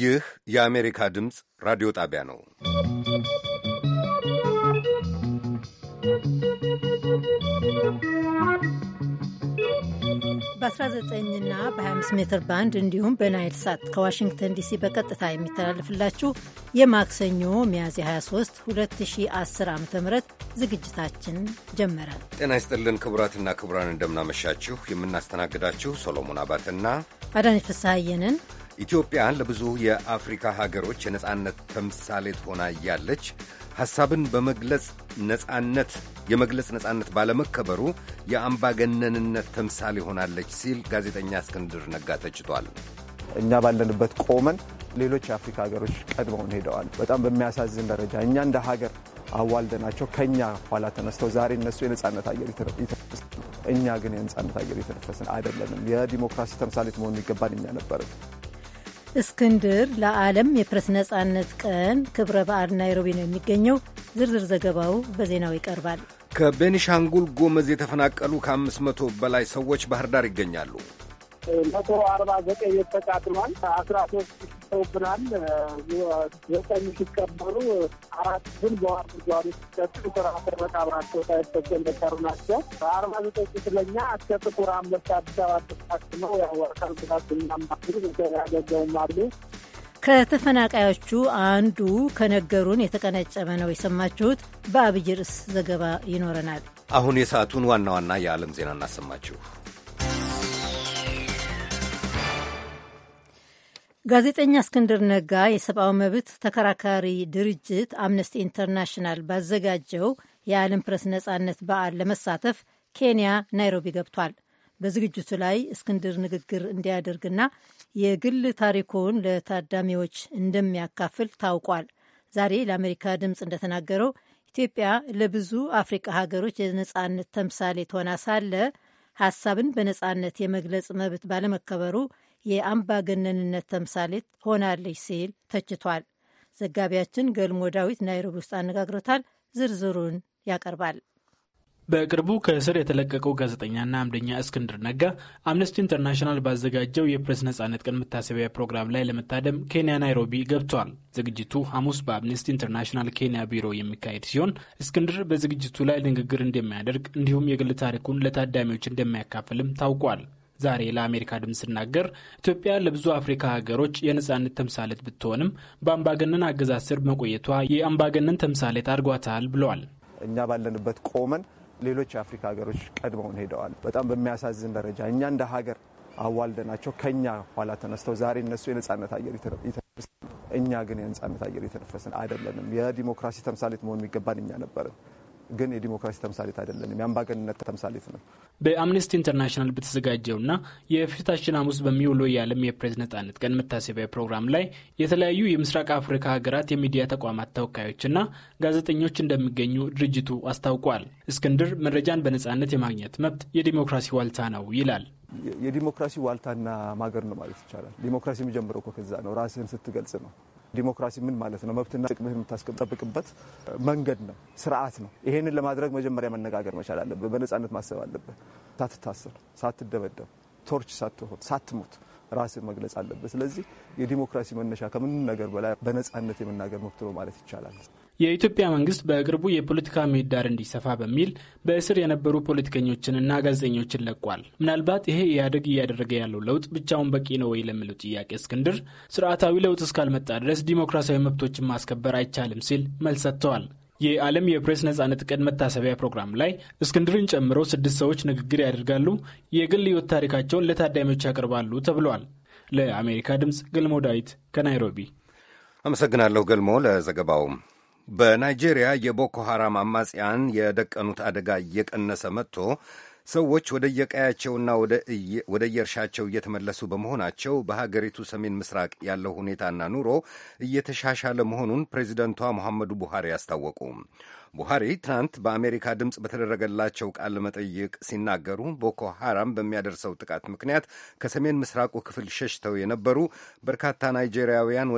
ይህ የአሜሪካ ድምፅ ራዲዮ ጣቢያ ነው። 19 እና በ25 ሜትር ባንድ እንዲሁም በናይል ሳት ከዋሽንግተን ዲሲ በቀጥታ የሚተላለፍላችሁ የማክሰኞ ሚያዝያ 23 2010 ዓ ም ዝግጅታችን ጀመረ። ጤና ይስጥልን ክቡራትና ክቡራን፣ እንደምናመሻችሁ። የምናስተናግዳችሁ ሶሎሞን አባትና አዳነች ፍስሐየንን ኢትዮጵያ ለብዙ የአፍሪካ ሀገሮች የነጻነት ተምሳሌት ሆና እያለች ሐሳብን በመግለጽ ነጻነት የመግለጽ ነጻነት ባለመከበሩ የአምባገነንነት ተምሳሌ ሆናለች ሲል ጋዜጠኛ እስክንድር ነጋ ተችቷል። እኛ ባለንበት ቆመን ሌሎች የአፍሪካ ሀገሮች ቀድመውን ሄደዋል። በጣም በሚያሳዝን ደረጃ እኛ እንደ ሀገር አዋልደናቸው ከእኛ ኋላ ተነስተው ዛሬ እነሱ የነጻነት አየር ይተነፍሳሉ። እኛ ግን የነጻነት አየር የተነፈስን አይደለንም። የዲሞክራሲ ተምሳሌት መሆን የሚገባን እኛ ነበርን። እስክንድር ለዓለም የፕሬስ ነጻነት ቀን ክብረ በዓል ናይሮቢ ነው የሚገኘው። ዝርዝር ዘገባው በዜናው ይቀርባል። ከቤኒሻንጉል ጎመዝ የተፈናቀሉ ከአምስት መቶ በላይ ሰዎች ባህር ዳር ይገኛሉ። መቶ አርባ ዘጠኝ ቤት አስራ ሶስት ሰጥተውብናል። ዘጠኝ ሲቀበሉ አራት ግን በዋር ጉድጓድ ሲሰጡ ጥቁር አንበሳ አብራቸው ሳይሰገል የቀሩ ናቸው። በአርባ ዘጠኝ ክፍለኛ እስከ ጥቁር አንበሳ አዲስ አበባ ተሳክመው ያወርካል ጉዳት እናማሉ ያገገውም አሉ። ከተፈናቃዮቹ አንዱ ከነገሩን የተቀነጨበ ነው የሰማችሁት። በአብይ ርዕስ ዘገባ ይኖረናል። አሁን የሰዓቱን ዋና ዋና የዓለም ዜና እናሰማችሁ። ጋዜጠኛ እስክንድር ነጋ የሰብአዊ መብት ተከራካሪ ድርጅት አምነስቲ ኢንተርናሽናል ባዘጋጀው የዓለም ፕረስ ነጻነት በዓል ለመሳተፍ ኬንያ ናይሮቢ ገብቷል። በዝግጅቱ ላይ እስክንድር ንግግር እንዲያደርግና የግል ታሪኩን ለታዳሚዎች እንደሚያካፍል ታውቋል። ዛሬ ለአሜሪካ ድምፅ እንደተናገረው ኢትዮጵያ ለብዙ አፍሪካ ሀገሮች የነጻነት ተምሳሌ ትሆና ሳለ ሀሳብን በነጻነት የመግለጽ መብት ባለመከበሩ የአምባገነንነት ተምሳሌት ሆናለች ሲል ተችቷል። ዘጋቢያችን ገልሞ ዳዊት ናይሮቢ ውስጥ አነጋግሮታል። ዝርዝሩን ያቀርባል። በቅርቡ ከእስር የተለቀቀው ጋዜጠኛና አምደኛ እስክንድር ነጋ አምነስቲ ኢንተርናሽናል ባዘጋጀው የፕሬስ ነጻነት ቀን መታሰቢያ ፕሮግራም ላይ ለመታደም ኬንያ ናይሮቢ ገብቷል። ዝግጅቱ ሐሙስ በአምነስቲ ኢንተርናሽናል ኬንያ ቢሮ የሚካሄድ ሲሆን እስክንድር በዝግጅቱ ላይ ንግግር እንደሚያደርግ እንዲሁም የግል ታሪኩን ለታዳሚዎች እንደሚያካፍልም ታውቋል። ዛሬ ለአሜሪካ ድምፅ ስናገር ኢትዮጵያ ለብዙ አፍሪካ ሀገሮች የነጻነት ተምሳሌት ብትሆንም በአምባገነን አገዛዝ ስር መቆየቷ የአምባገነን ተምሳሌት አድርጓታል ብለዋል። እኛ ባለንበት ቆመን ሌሎች የአፍሪካ ሀገሮች ቀድመውን ሄደዋል። በጣም በሚያሳዝን ደረጃ እኛ እንደ ሀገር አዋልደናቸው ከኛ ኋላ ተነስተው ዛሬ እነሱ የነጻነት አየር እኛ ግን የነጻነት አየር የተነፈስን አይደለንም። የዲሞክራሲ ተምሳሌት መሆን የሚገባን እኛ ነበርን። ግን የዲሞክራሲ ተምሳሌት አይደለንም፣ የአምባገንነት ተምሳሌት ነው። በአምነስቲ ኢንተርናሽናል በተዘጋጀውና የፊታችን ሐሙስ በሚውለው የዓለም የፕሬስ ነጻነት ቀን መታሰቢያ ፕሮግራም ላይ የተለያዩ የምስራቅ አፍሪካ ሀገራት የሚዲያ ተቋማት ተወካዮችና ጋዜጠኞች እንደሚገኙ ድርጅቱ አስታውቋል። እስክንድር መረጃን በነጻነት የማግኘት መብት የዲሞክራሲ ዋልታ ነው ይላል። የዲሞክራሲ ዋልታና ማገር ነው ማለት ይቻላል። ዲሞክራሲ የሚጀምረው ከዛ ነው፣ ራስህን ስትገልጽ ነው ዲሞክራሲ ምን ማለት ነው? መብትና ጥቅምህን የምታስጠብቅበት መንገድ ነው፣ ስርዓት ነው። ይሄንን ለማድረግ መጀመሪያ መነጋገር መቻል አለብህ። በነጻነት ማሰብ አለብህ። ሳትታሰር፣ ሳትደበደብ፣ ቶርች ሳትሆን፣ ሳትሞት ራስህ መግለጽ አለብህ። ስለዚህ የዲሞክራሲ መነሻ ከምንም ነገር በላይ በነጻነት የመናገር መብት ነው ማለት ይቻላል። የኢትዮጵያ መንግስት በቅርቡ የፖለቲካ ምህዳር እንዲሰፋ በሚል በእስር የነበሩ ፖለቲከኞችንና ጋዜጠኞችን ለቋል። ምናልባት ይሄ ኢህአደግ እያደረገ ያለው ለውጥ ብቻውን በቂ ነው ወይ ለሚለው ጥያቄ እስክንድር ስርዓታዊ ለውጥ እስካልመጣ ድረስ ዲሞክራሲያዊ መብቶችን ማስከበር አይቻልም ሲል መልስ ሰጥተዋል። የዓለም የፕሬስ ነጻነት ቀን መታሰቢያ ፕሮግራም ላይ እስክንድርን ጨምሮ ስድስት ሰዎች ንግግር ያደርጋሉ፣ የግል ህይወት ታሪካቸውን ለታዳሚዎች ያቀርባሉ ተብሏል። ለአሜሪካ ድምፅ ገልሞ ዳዊት ከናይሮቢ አመሰግናለሁ። ገልሞ ለዘገባውም በናይጄሪያ የቦኮ ሐራም አማጽያን የደቀኑት አደጋ እየቀነሰ መጥቶ ሰዎች ወደ ወደየእርሻቸው እየተመለሱ በመሆናቸው በሀገሪቱ ሰሜን ምስራቅ ያለው ሁኔታና ኑሮ እየተሻሻለ መሆኑን ፕሬዚደንቷ መሐመዱ ቡሃሪ አስታወቁ። ቡሃሪ ትናንት በአሜሪካ ድምፅ በተደረገላቸው ቃለ መጠይቅ ሲናገሩ ቦኮ ሃራም በሚያደርሰው ጥቃት ምክንያት ከሰሜን ምስራቁ ክፍል ሸሽተው የነበሩ በርካታ ናይጄሪያውያን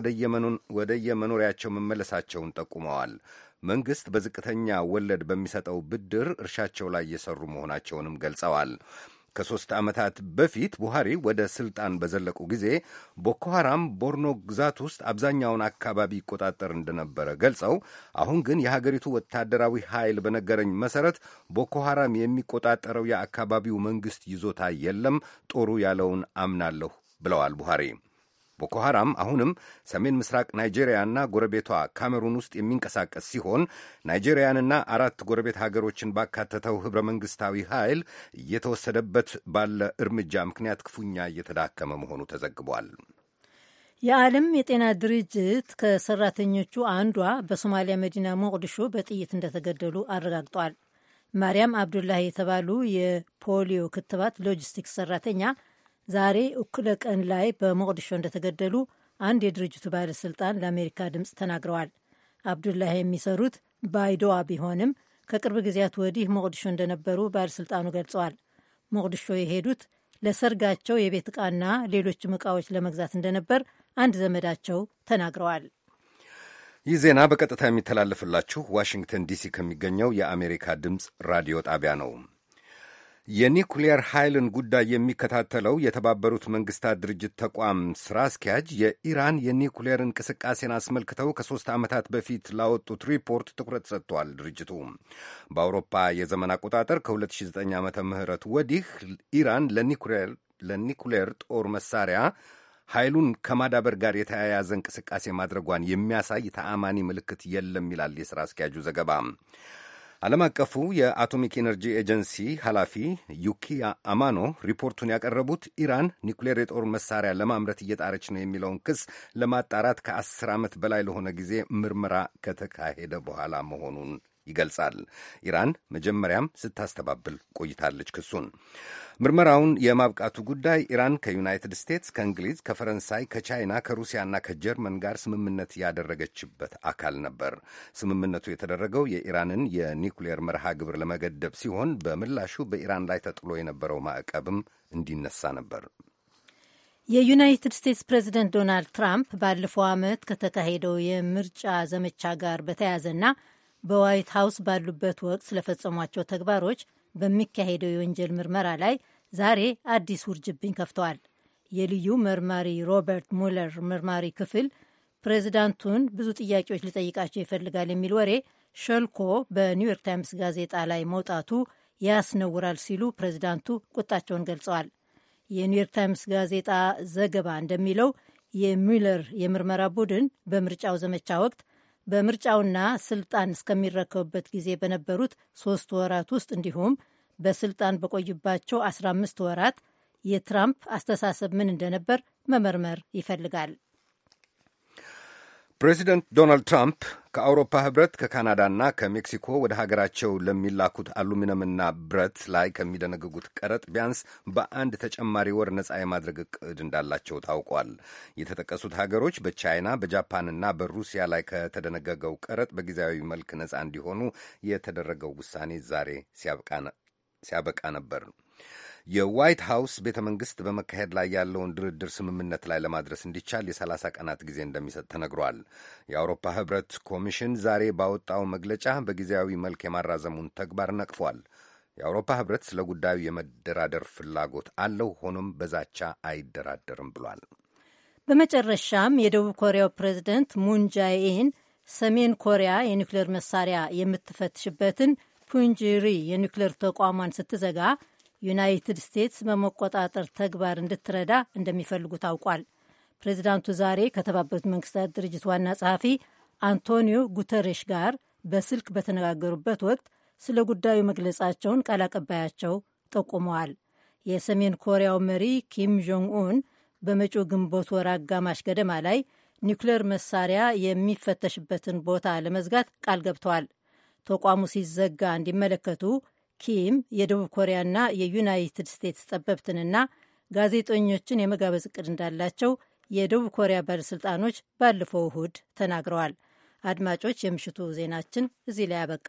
ወደየመኖሪያቸው መመለሳቸውን ጠቁመዋል። መንግሥት በዝቅተኛ ወለድ በሚሰጠው ብድር እርሻቸው ላይ የሰሩ መሆናቸውንም ገልጸዋል። ከሦስት ዓመታት በፊት ቡሃሪ ወደ ስልጣን በዘለቁ ጊዜ ቦኮ ሐራም ቦርኖ ግዛት ውስጥ አብዛኛውን አካባቢ ይቆጣጠር እንደነበረ ገልጸው አሁን ግን የሀገሪቱ ወታደራዊ ኃይል በነገረኝ መሠረት ቦኮ ሐራም የሚቆጣጠረው የአካባቢው መንግሥት ይዞታ የለም፣ ጦሩ ያለውን አምናለሁ ብለዋል ቡሃሪ። ቦኮ ሐራም አሁንም ሰሜን ምስራቅ ናይጄሪያና ጎረቤቷ ካሜሩን ውስጥ የሚንቀሳቀስ ሲሆን ናይጄሪያንና አራት ጎረቤት ሀገሮችን ባካተተው ኅብረ መንግሥታዊ ኃይል እየተወሰደበት ባለ እርምጃ ምክንያት ክፉኛ እየተዳከመ መሆኑ ተዘግቧል። የዓለም የጤና ድርጅት ከሰራተኞቹ አንዷ በሶማሊያ መዲና ሞቅዲሾ በጥይት እንደተገደሉ አረጋግጧል። ማርያም አብዱላህ የተባሉ የፖሊዮ ክትባት ሎጂስቲክስ ሰራተኛ ዛሬ እኩለ ቀን ላይ በሞቅዲሾ እንደተገደሉ አንድ የድርጅቱ ባለሥልጣን ለአሜሪካ ድምፅ ተናግረዋል። አብዱላህ የሚሰሩት ባይዶዋ ቢሆንም ከቅርብ ጊዜያት ወዲህ ሞቅዲሾ እንደነበሩ ባለሥልጣኑ ገልጸዋል። ሞቅዲሾ የሄዱት ለሰርጋቸው የቤት ዕቃና ሌሎችም ዕቃዎች ለመግዛት እንደነበር አንድ ዘመዳቸው ተናግረዋል። ይህ ዜና በቀጥታ የሚተላለፍላችሁ ዋሽንግተን ዲሲ ከሚገኘው የአሜሪካ ድምፅ ራዲዮ ጣቢያ ነው። የኒኩሊየር ኃይልን ጉዳይ የሚከታተለው የተባበሩት መንግስታት ድርጅት ተቋም ስራ አስኪያጅ የኢራን የኒኩሊየር እንቅስቃሴን አስመልክተው ከሦስት ዓመታት በፊት ላወጡት ሪፖርት ትኩረት ሰጥቷል። ድርጅቱ በአውሮፓ የዘመን አቆጣጠር ከ2009 ዓ ምህረት ወዲህ ኢራን ለኒኩሊየር ጦር መሳሪያ ኃይሉን ከማዳበር ጋር የተያያዘ እንቅስቃሴ ማድረጓን የሚያሳይ ተአማኒ ምልክት የለም ይላል የሥራ አስኪያጁ ዘገባ። ዓለም አቀፉ የአቶሚክ ኤነርጂ ኤጀንሲ ኃላፊ ዩኪያ አማኖ ሪፖርቱን ያቀረቡት ኢራን ኒውክሌር የጦር መሳሪያ ለማምረት እየጣረች ነው የሚለውን ክስ ለማጣራት ከአስር ዓመት በላይ ለሆነ ጊዜ ምርመራ ከተካሄደ በኋላ መሆኑን ይገልጻል። ኢራን መጀመሪያም ስታስተባብል ቆይታለች ክሱን ምርመራውን የማብቃቱ ጉዳይ ኢራን ከዩናይትድ ስቴትስ፣ ከእንግሊዝ፣ ከፈረንሳይ፣ ከቻይና፣ ከሩሲያና ከጀርመን ጋር ስምምነት ያደረገችበት አካል ነበር። ስምምነቱ የተደረገው የኢራንን የኒውክሌር መርሃ ግብር ለመገደብ ሲሆን በምላሹ በኢራን ላይ ተጥሎ የነበረው ማዕቀብም እንዲነሳ ነበር። የዩናይትድ ስቴትስ ፕሬዚደንት ዶናልድ ትራምፕ ባለፈው ዓመት ከተካሄደው የምርጫ ዘመቻ ጋር በተያያዘና በዋይት ሀውስ ባሉበት ወቅት ስለፈጸሟቸው ተግባሮች በሚካሄደው የወንጀል ምርመራ ላይ ዛሬ አዲስ ውርጅብኝ ከፍተዋል። የልዩ መርማሪ ሮበርት ሙለር መርማሪ ክፍል ፕሬዚዳንቱን ብዙ ጥያቄዎች ሊጠይቃቸው ይፈልጋል የሚል ወሬ ሸልኮ በኒውዮርክ ታይምስ ጋዜጣ ላይ መውጣቱ ያስነውራል ሲሉ ፕሬዚዳንቱ ቁጣቸውን ገልጸዋል። የኒውዮርክ ታይምስ ጋዜጣ ዘገባ እንደሚለው የሚለር የምርመራ ቡድን በምርጫው ዘመቻ ወቅት በምርጫውና ስልጣን እስከሚረከብበት ጊዜ በነበሩት ሶስት ወራት ውስጥ እንዲሁም በስልጣን በቆዩባቸው 15 ወራት የትራምፕ አስተሳሰብ ምን እንደነበር መመርመር ይፈልጋል። ፕሬዚደንት ዶናልድ ትራምፕ ከአውሮፓ ህብረት ከካናዳና ከሜክሲኮ ወደ ሀገራቸው ለሚላኩት አሉሚኒየምና ብረት ላይ ከሚደነግጉት ቀረጥ ቢያንስ በአንድ ተጨማሪ ወር ነፃ የማድረግ እቅድ እንዳላቸው ታውቋል። የተጠቀሱት ሀገሮች በቻይና በጃፓንና በሩሲያ ላይ ከተደነገገው ቀረጥ በጊዜያዊ መልክ ነፃ እንዲሆኑ የተደረገው ውሳኔ ዛሬ ሲያበቃ ነበር። የዋይት ሀውስ ቤተ መንግስት በመካሄድ ላይ ያለውን ድርድር ስምምነት ላይ ለማድረስ እንዲቻል የሰላሳ ቀናት ጊዜ እንደሚሰጥ ተነግሯል። የአውሮፓ ህብረት ኮሚሽን ዛሬ ባወጣው መግለጫ በጊዜያዊ መልክ የማራዘሙን ተግባር ነቅፏል። የአውሮፓ ህብረት ስለ ጉዳዩ የመደራደር ፍላጎት አለው፣ ሆኖም በዛቻ አይደራደርም ብሏል። በመጨረሻም የደቡብ ኮሪያው ፕሬዚደንት ሙንጃይን ሰሜን ኮሪያ የኒውክሌር መሳሪያ የምትፈትሽበትን ፑንጅሪ የኒውክሌር ተቋሟን ስትዘጋ ዩናይትድ ስቴትስ በመቆጣጠር ተግባር እንድትረዳ እንደሚፈልጉ ታውቋል። ፕሬዚዳንቱ ዛሬ ከተባበሩት መንግስታት ድርጅት ዋና ጸሐፊ አንቶኒዮ ጉተሬሽ ጋር በስልክ በተነጋገሩበት ወቅት ስለ ጉዳዩ መግለጻቸውን ቃል አቀባያቸው ጠቁመዋል። የሰሜን ኮሪያው መሪ ኪም ጆንግ ኡን በመጪው ግንቦት ወር አጋማሽ ገደማ ላይ ኒውክሌር መሳሪያ የሚፈተሽበትን ቦታ ለመዝጋት ቃል ገብተዋል። ተቋሙ ሲዘጋ እንዲመለከቱ ኪም የደቡብ ኮሪያና የዩናይትድ ስቴትስ ጠበብትንና ጋዜጠኞችን የመጋበዝ እቅድ እንዳላቸው የደቡብ ኮሪያ ባለሥልጣኖች ባለፈው እሁድ ተናግረዋል። አድማጮች፣ የምሽቱ ዜናችን እዚህ ላይ አበቃ።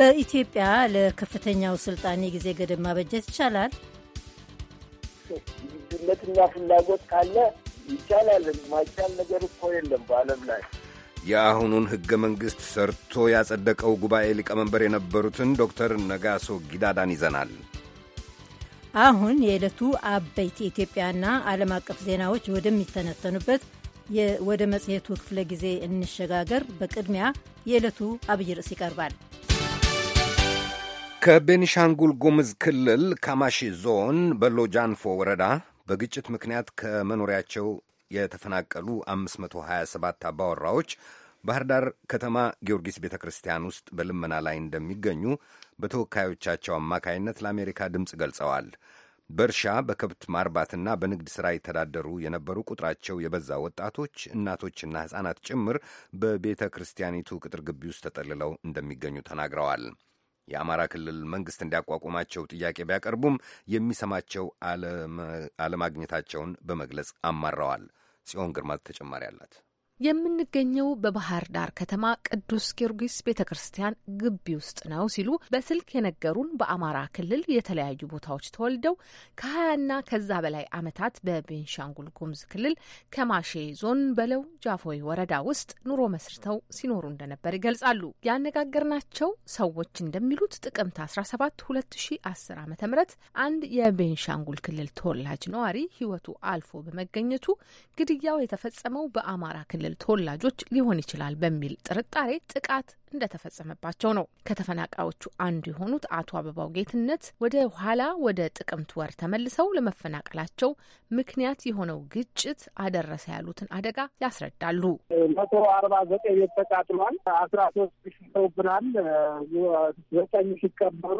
በኢትዮጵያ ለከፍተኛው ስልጣን የጊዜ ገደብ ማበጀት ይቻላል? ዝነትና ፍላጎት ካለ ይቻላል። ማይቻል ነገር እኮ የለም በዓለም ላይ። የአሁኑን ሕገ መንግሥት ሰርቶ ያጸደቀው ጉባኤ ሊቀመንበር የነበሩትን ዶክተር ነጋሶ ጊዳዳን ይዘናል። አሁን የዕለቱ አበይት የኢትዮጵያና ዓለም አቀፍ ዜናዎች ወደሚተነተኑበት ወደ መጽሔቱ ክፍለ ጊዜ እንሸጋገር። በቅድሚያ የዕለቱ አብይ ርዕስ ይቀርባል። ከቤኒሻንጉል ጉምዝ ክልል ካማሺ ዞን በሎጃንፎ ወረዳ በግጭት ምክንያት ከመኖሪያቸው የተፈናቀሉ 527 አባወራዎች ባህር ዳር ከተማ ጊዮርጊስ ቤተ ክርስቲያን ውስጥ በልመና ላይ እንደሚገኙ በተወካዮቻቸው አማካይነት ለአሜሪካ ድምፅ ገልጸዋል። በእርሻ በከብት ማርባትና በንግድ ሥራ የተዳደሩ የነበሩ ቁጥራቸው የበዛ ወጣቶች፣ እናቶችና ሕፃናት ጭምር በቤተ ክርስቲያኒቱ ቅጥር ግቢ ውስጥ ተጠልለው እንደሚገኙ ተናግረዋል። የአማራ ክልል መንግስት እንዲያቋቁማቸው ጥያቄ ቢያቀርቡም የሚሰማቸው አለማግኘታቸውን በመግለጽ አማረዋል። ጽዮን ግርማ ተጨማሪ አላት። የምንገኘው በባህር ዳር ከተማ ቅዱስ ጊዮርጊስ ቤተ ክርስቲያን ግቢ ውስጥ ነው ሲሉ በስልክ የነገሩን በአማራ ክልል የተለያዩ ቦታዎች ተወልደው ከሀያና ከዛ በላይ ዓመታት በቤንሻንጉል ጉሙዝ ክልል ከማሼ ዞን በለው ጃፎይ ወረዳ ውስጥ ኑሮ መስርተው ሲኖሩ እንደነበር ይገልጻሉ። ያነጋገርናቸው ሰዎች እንደሚሉት ጥቅምት 17 2010 ዓ ም አንድ የቤንሻንጉል ክልል ተወላጅ ነዋሪ ህይወቱ አልፎ በመገኘቱ ግድያው የተፈጸመው በአማራ ክልል ክልል ተወላጆች ሊሆን ይችላል በሚል ጥርጣሬ ጥቃት እንደተፈጸመባቸው ነው። ከተፈናቃዮቹ አንዱ የሆኑት አቶ አበባው ጌትነት ወደ ኋላ ወደ ጥቅምት ወር ተመልሰው ለመፈናቀላቸው ምክንያት የሆነው ግጭት አደረሰ ያሉትን አደጋ ያስረዳሉ። መቶ አርባ ዘጠኝ ቤት ተቃጥሏል። አስራ ሶስት ሺ ሰውብናል። ዘጠኝ ሲቀበሩ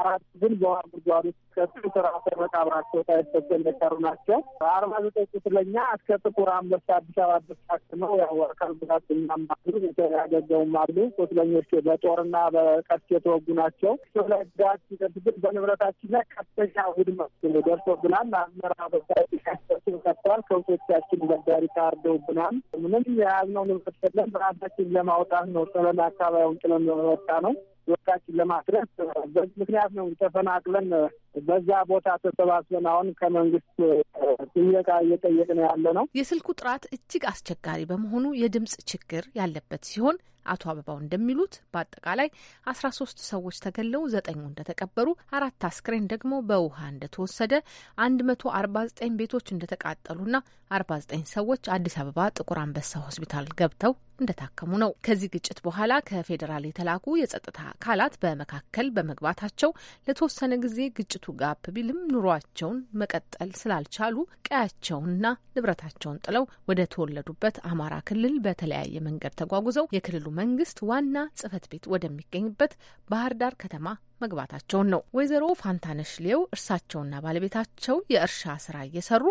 አራት ግን በውሃ ጉድጓድ ውስጥ ከስር ስርዓተ መቃብራቸው ሳይሰገድ የቀሩ ናቸው። አርባ ዘጠኝ ቁስለኛ እስከ ጥቁር አንበሳ አዲስ አበባ ድረስ ታክመው ያው አካል ጉዳተኛም እናማሉ የተያገገውም አሉ ቁስለኞች በጦርና በቀስት የተወጉ ናቸው። ላይ ጉዳት በንብረታችን ላይ ከፍተኛ ውድመት ደርሶብናል። አመራ በሳችን ቀጥተዋል። ከብቶቻችን በዳሪ ታርደውብናል። ምንም የያዝነው ንብረት የለም። በራሳችን ለማውጣት ነው ጥለን አካባቢውን ጥለን ወጣ ነው ወርቃችን ለማስረት በዚህ ምክንያት ነው ተፈናቅለን በዛ ቦታ ተሰባስበን አሁን ከመንግስት ጥየቃ እየጠየቅን ያለ ነው። የስልኩ ጥራት እጅግ አስቸጋሪ በመሆኑ የድምጽ ችግር ያለበት ሲሆን አቶ አበባው እንደሚሉት በአጠቃላይ አስራ ሶስት ሰዎች ተገለው ዘጠኙ እንደተቀበሩ አራት አስክሬን ደግሞ በውሃ እንደተወሰደ አንድ መቶ አርባ ዘጠኝ ቤቶች እንደተቃጠሉና አርባ ዘጠኝ ሰዎች አዲስ አበባ ጥቁር አንበሳ ሆስፒታል ገብተው እንደታከሙ ነው። ከዚህ ግጭት በኋላ ከፌዴራል የተላኩ የጸጥታ አካላት በመካከል በመግባታቸው ለተወሰነ ጊዜ ግጭቱ የመሬቱ ጋፕ ቢልም ኑሯቸውን መቀጠል ስላልቻሉ ቀያቸውንና ንብረታቸውን ጥለው ወደ ተወለዱበት አማራ ክልል በተለያየ መንገድ ተጓጉዘው የክልሉ መንግስት ዋና ጽህፈት ቤት ወደሚገኝበት ባህር ዳር ከተማ መግባታቸውን ነው። ወይዘሮ ፋንታነሽ ሌው እርሳቸውና ባለቤታቸው የእርሻ ስራ እየሰሩ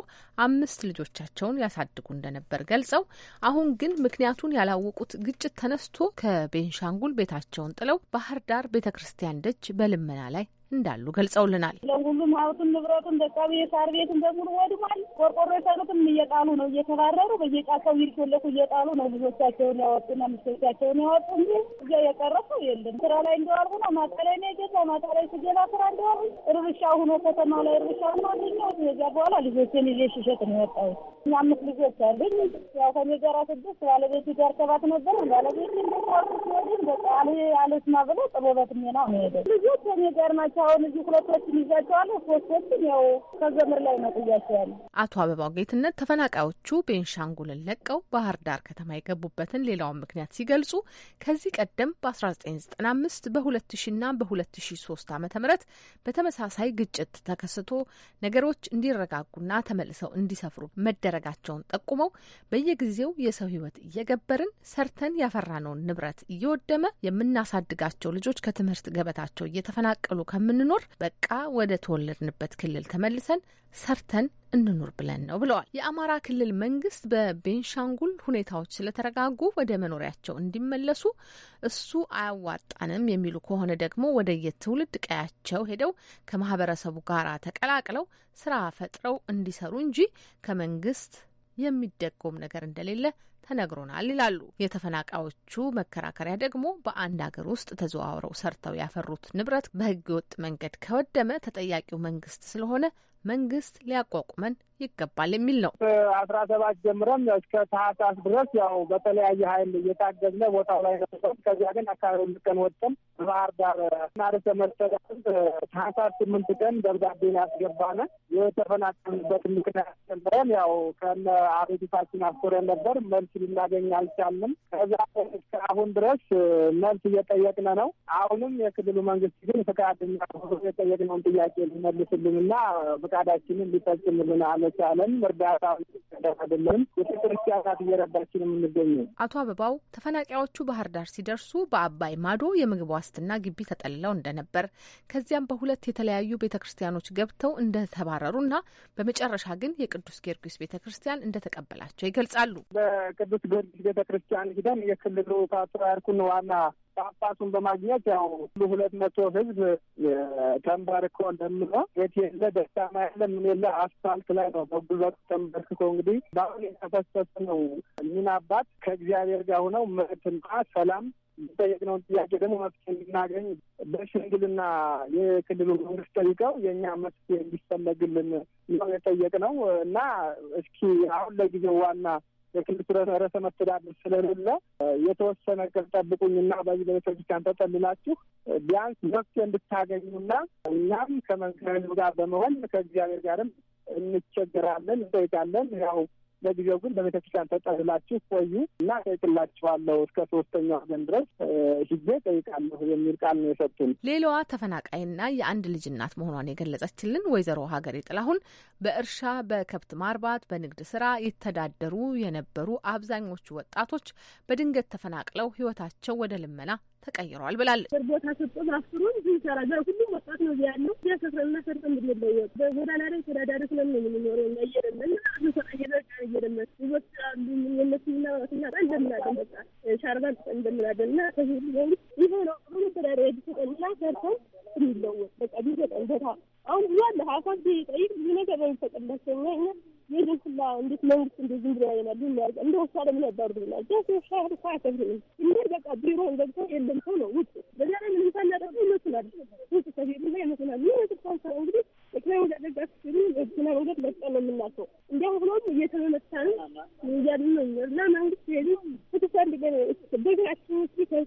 አምስት ልጆቻቸውን ያሳድጉ እንደነበር ገልጸው አሁን ግን ምክንያቱን ያላወቁት ግጭት ተነስቶ ከቤንሻንጉል ቤታቸውን ጥለው ባህር ዳር ቤተ ክርስቲያን ደጅ በልመና ላይ እንዳሉ ገልጸውልናል። ለሁሉም ሀብቱን ንብረቱን በቃ የሳር ቤትን በሙሉ ወድሟል። ቆርቆሮ የሰሩትም እየጣሉ ነው እየተባረሩ በየጫካው ይርሾለኩ እየጣሉ ነው። ልጆቻቸውን ያወጡና ምስቶቻቸውን ያወጡ እንጂ እዚያ የቀረፉ የለም። ስራ ላይ እንደዋልኩ ነው። ማታ ላይ ነው የገባ ማታ ላይ ስገባ ስራ እንደዋልኩ እርብሻ ሁኖ ከተማ ላይ እርብሻ ሁኖ አገኘሁት። ከዚያ በኋላ ልጆችን ይዤ ሽሸጥ ነው የወጣሁት። አምስት ልጆች አሉኝ። ያው ከኔ ጋር ስድስት ባለቤቱ ጋር ሰባት ነበር። ባለቤት ደሞ ሲወድን በቃ አልስማ ብሎ ጥበበት ሜና ነው ሄደ። ልጆች ከኔ ጋር ናቸው አሁን እዚህ ሁለቶችን ይዛቸዋለሁ። ሶስቶችን ያው ከዘመድ ላይ ነው ጥያቸዋለሁ። አቶ አበባው ጌትነት ተፈናቃዮቹ ቤንሻንጉልን ለቀው ባህር ዳር ከተማ የገቡበትን ሌላውን ምክንያት ሲገልጹ ከዚህ ቀደም በ1995 በ2000ና በ2003 ዓ ም በተመሳሳይ ግጭት ተከስቶ ነገሮች እንዲረጋጉና ተመልሰው እንዲሰፍሩ መደረጋቸውን ጠቁመው በየጊዜው የሰው ህይወት እየገበርን ሰርተን ያፈራነውን ንብረት እየወደመ የምናሳድጋቸው ልጆች ከትምህርት ገበታቸው እየተፈናቀሉ ከ ከምንኖር በቃ ወደ ተወለድንበት ክልል ተመልሰን ሰርተን እንኑር ብለን ነው ብለዋል። የአማራ ክልል መንግስት በቤንሻንጉል ሁኔታዎች ስለተረጋጉ ወደ መኖሪያቸው እንዲመለሱ፣ እሱ አያዋጣንም የሚሉ ከሆነ ደግሞ ወደ የትውልድ ቀያቸው ሄደው ከማህበረሰቡ ጋር ተቀላቅለው ስራ ፈጥረው እንዲሰሩ እንጂ ከመንግስት የሚደጎም ነገር እንደሌለ ተነግሮናል ይላሉ። የተፈናቃዮቹ መከራከሪያ ደግሞ በአንድ ሀገር ውስጥ ተዘዋውረው ሰርተው ያፈሩት ንብረት በህገ ወጥ መንገድ ከወደመ ተጠያቂው መንግስት ስለሆነ መንግስት ሊያቋቁመን ይገባል የሚል ነው። አስራ ሰባት ጀምረም እስከ ታህሳስ ድረስ ያው በተለያየ ኃይል እየታገዝነ ቦታው ላይ ነበር። ከዚያ ግን አካባቢ ልቀን ወጥተን በባህር ዳር ናርሰ መስተዳድር ታህሳስ ስምንት ቀን ደብዳቤን ያስገባነ የተፈናቀልበት ምክንያት ጀምረን ያው ከነ አቤቱታችን አስኮረን ነበር መልስ ልናገኝ አልቻልንም። ከዛ አሁን ድረስ መልስ እየጠየቅነ ነው። አሁንም የክልሉ መንግስት ግን ፈቃደኛ የጠየቅነውን ጥያቄ ሊመልስልን እና ፈቃዳችንን ሊፈጽምልን አልቻለም። እርዳታ ደረግልን። ቤተክርስቲያናት እየረዳችን የምንገኘው አቶ አበባው ተፈናቃዮቹ ባህር ዳር ሲደርሱ በአባይ ማዶ የምግብ ዋስትና ግቢ ተጠልለው እንደነበር ከዚያም በሁለት የተለያዩ ቤተ ክርስቲያኖች ገብተው እንደተባረሩና በመጨረሻ ግን የቅዱስ ጊዮርጊስ ቤተ ክርስቲያን እንደተቀበላቸው ይገልጻሉ። ቅዱስ ጊዮርጊስ ቤተ ክርስቲያን ሂደን የክልሉ ፓትርያርኩን ዋና ጳጳሱን በማግኘት ያው ሁሉ ሁለት መቶ ህዝብ ተንበርኮ ለምኖ ቤት የለ ደስታማ ያለ ምን የለ አስፋልት ላይ ነው በጉልበቱ ተንበርክኮ እንግዲህ በአሁን የተፈሰሰ ነው። እኝን አባት ከእግዚአብሔር ጋር ሆነው ምሕረትና ሰላም የጠየቅነውን ጥያቄ ደግሞ መፍትሄ እንድናገኝ በሽምግልና የክልሉ መንግስት ጠይቀው የእኛ መፍትሄ እንዲፈለግልን ነው የጠየቅነው እና እስኪ አሁን ለጊዜው ዋና የክልል ርዕሰ መስተዳድር ስለሌለ የተወሰነ ቀን ጠብቁኝና በዚህ በቤተክርስቲያን ተጠልላችሁ ቢያንስ መፍትሄ እንድታገኙና እኛም ከመንክረን ጋር በመሆን ከእግዚአብሔር ጋርም እንቸግራለን፣ እንጠይቃለን ያው ለጊዜው ግን በቤተክርስቲያን ተጠልላችሁ ቆዩ እና ጠይቅላችኋለሁ እስከ ሶስተኛው ወገን ድረስ ሂጄ ጠይቃለሁ የሚል ቃል ነው የሰጡን። ሌላዋ ተፈናቃይና የአንድ ልጅ እናት መሆኗን የገለጸችልን ወይዘሮ ሀገሬ ጥላሁን በእርሻ በከብት ማርባት፣ በንግድ ስራ ይተዳደሩ የነበሩ አብዛኞቹ ወጣቶች በድንገት ተፈናቅለው ህይወታቸው ወደ ልመና ተቀይረዋል ብላለች። ቦታ ሰጦ ማስሩን ይሰራል። ሁሉም ወጣት ነው ያለው ያሰፍረና ሰርጥ እንድንለወጥ በጎዳና ላይ ተዳዳሪ ስለምን የምንኖረው እያየለመን እየበቃ እየለመን ልጆች የነሱ ምናባትና እንደምናገን በቃ ሻርባ እንደምናገን እና ከዚህ ሁሉ ይሄ ነው ሰጠንና ሰርተን የሚለወጥ በቃ ቢሰጠን ቦታ አሁን ብዙ አለ ሀሳብ ጠይቅ ብዙ ነገር ነው የሚፈጥርላቸው እኛ ይህን ሁላ እንዴት መንግስት እንደ ዝም ብሎ ያይናል የሚያርገ እንደ ውሻ ለምን ያባሩ ደስ ጃስ ውሻ እንዴ በቃ ቢሮ ገብቶ የለም ሰው ነው ውጭ በዛ ላይ ምንሳ ሳናደርገ ይመስላል ውጭ ከቤት ላይ ይመስላል ይህ ስሳንሰራ እንግዲህ መኪና መንቀጠጫ ስሪ መኪና መንገድ ለቀ ነው የምናልፈው። እንዲያም ሆኖም እየተመመታን እያሉ ነው እና መንግስት ሄዱ ፍትሳ እንደገና በእግራችን ስ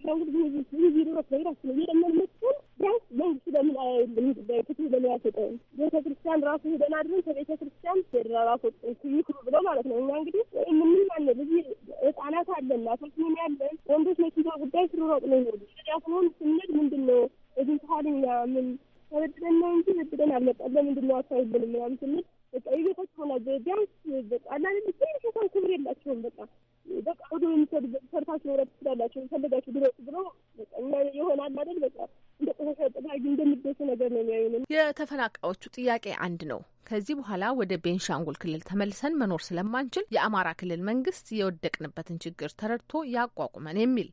ብዙ ቢሮ በእግራችን እየለመመችን ቢያንስ መንግስት ለምን አያይልም ጉዳይ ፍትህ ለምን አይሰጠውም? ቤተ ክርስቲያን ራሱ ሄደን አድረን ከቤተ ክርስቲያን ፌደራል ራሱ ይክሩ ብለው ማለት ነው። እኛ እንግዲህ ምንም አለ ብዙ ህጻናት አለን እናቶች ምን ያለን ወንዶች መኪና ጉዳይ ስሩሮጥ ነው ይኖሩ ያስሆን ስንል ምንድን ነው እዚህ ምን ተበድረን ነው እንጂ በድረን አልመጣም። ለምንድን ነው አታይብን ምናምን ስንል በቃ የቤታች ሆና ቢያንስ በቃላለ ትንሽ እንኳን ክብር የላቸውም። በቃ በቃ ወደ የሚሰሩበት ሰርታችሁ መውረድ ትችላላችሁ፣ ፈልጋችሁ ድረሱ ብሎ በቃ እኛ ይሆናል አይደል በቃ በቆሻሻ ነገር ነው የሚያዩን። የተፈናቃዮቹ ጥያቄ አንድ ነው። ከዚህ በኋላ ወደ ቤንሻንጉል ክልል ተመልሰን መኖር ስለማንችል የአማራ ክልል መንግስት የወደቅንበትን ችግር ተረድቶ ያቋቁመን የሚል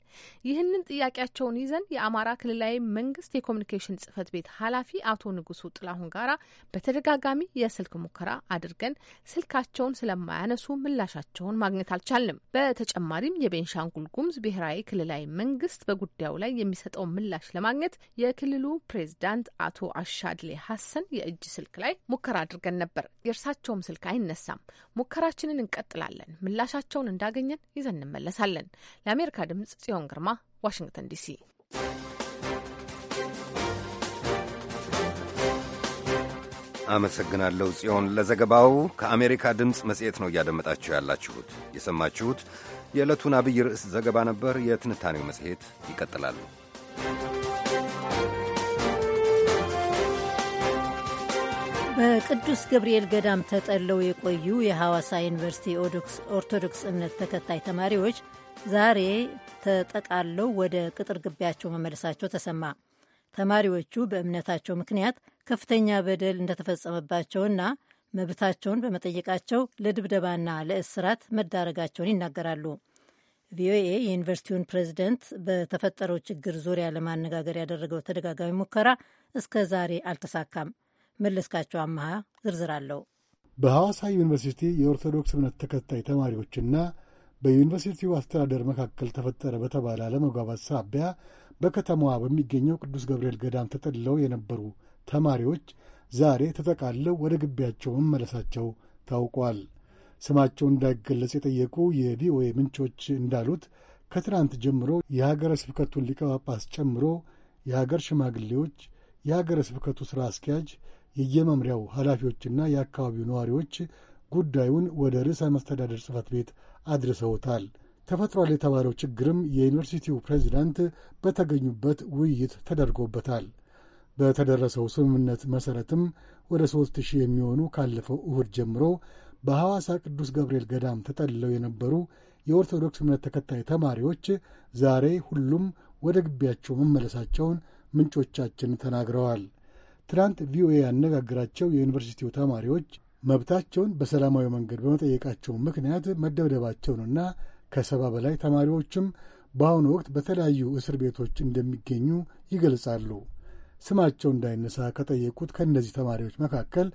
ይህንን ጥያቄያቸውን ይዘን የአማራ ክልላዊ መንግስት የኮሚኒኬሽን ጽህፈት ቤት ኃላፊ አቶ ንጉሱ ጥላሁን ጋራ በተደጋጋሚ የስልክ ሙከራ አድርገን ስልካቸውን ስለማያነሱ ምላሻቸውን ማግኘት አልቻልንም። በተጨማሪም የቤንሻንጉል ጉሙዝ ብሔራዊ ክልላዊ መንግስት በጉዳዩ ላይ የሚሰጠውን ምላሽ ለማግኘት የክልሉ ፕሬዝዳንት አቶ አሻድሌ ሀሰን የእጅ ስልክ ላይ ሙከራ አድርገን ነበር። የእርሳቸውም ስልክ አይነሳም። ሙከራችንን እንቀጥላለን። ምላሻቸውን እንዳገኘን ይዘን እንመለሳለን። ለአሜሪካ ድምጽ ጽዮን ግርማ፣ ዋሽንግተን ዲሲ። አመሰግናለሁ ጽዮን ለዘገባው። ከአሜሪካ ድምፅ መጽሔት ነው እያደመጣችሁ ያላችሁት። የሰማችሁት የዕለቱን አብይ ርዕስ ዘገባ ነበር። የትንታኔው መጽሔት you. በቅዱስ ገብርኤል ገዳም ተጠለው የቆዩ የሐዋሳ ዩኒቨርሲቲ ኦርቶዶክስ እምነት ተከታይ ተማሪዎች ዛሬ ተጠቃለው ወደ ቅጥር ግቢያቸው መመለሳቸው ተሰማ። ተማሪዎቹ በእምነታቸው ምክንያት ከፍተኛ በደል እንደተፈጸመባቸውና መብታቸውን በመጠየቃቸው ለድብደባና ለእስራት መዳረጋቸውን ይናገራሉ። ቪኦኤ የዩኒቨርሲቲውን ፕሬዝደንት በተፈጠረው ችግር ዙሪያ ለማነጋገር ያደረገው ተደጋጋሚ ሙከራ እስከ ዛሬ አልተሳካም። መለስካቸው አመሃ ዝርዝር አለው። በሐዋሳ ዩኒቨርሲቲ የኦርቶዶክስ እምነት ተከታይ ተማሪዎችና በዩኒቨርሲቲው አስተዳደር መካከል ተፈጠረ በተባለ አለመግባባት ሳቢያ በከተማዋ በሚገኘው ቅዱስ ገብርኤል ገዳም ተጠልለው የነበሩ ተማሪዎች ዛሬ ተጠቃለው ወደ ግቢያቸው መመለሳቸው ታውቋል። ስማቸው እንዳይገለጽ የጠየቁ የቪኦኤ ምንጮች እንዳሉት ከትናንት ጀምሮ የሀገረ ስብከቱን ሊቀ ጳጳስ ጨምሮ የሀገር ሽማግሌዎች፣ የሀገረ ስብከቱ ሥራ አስኪያጅ፣ የየመምሪያው ኃላፊዎችና የአካባቢው ነዋሪዎች ጉዳዩን ወደ ርዕሰ መስተዳደር ጽፈት ቤት አድርሰውታል። ተፈጥሯል የተባለው ችግርም የዩኒቨርሲቲው ፕሬዚዳንት በተገኙበት ውይይት ተደርጎበታል። በተደረሰው ስምምነት መሠረትም ወደ ሦስት ሺህ የሚሆኑ ካለፈው እሁድ ጀምሮ በሐዋሳ ቅዱስ ገብርኤል ገዳም ተጠልለው የነበሩ የኦርቶዶክስ እምነት ተከታይ ተማሪዎች ዛሬ ሁሉም ወደ ግቢያቸው መመለሳቸውን ምንጮቻችን ተናግረዋል። ትናንት ቪኦኤ ያነጋግራቸው የዩኒቨርሲቲው ተማሪዎች መብታቸውን በሰላማዊ መንገድ በመጠየቃቸው ምክንያት መደብደባቸውንና ከሰባ በላይ ተማሪዎችም በአሁኑ ወቅት በተለያዩ እስር ቤቶች እንደሚገኙ ይገልጻሉ። ስማቸው እንዳይነሳ ከጠየቁት ከእነዚህ ተማሪዎች መካከል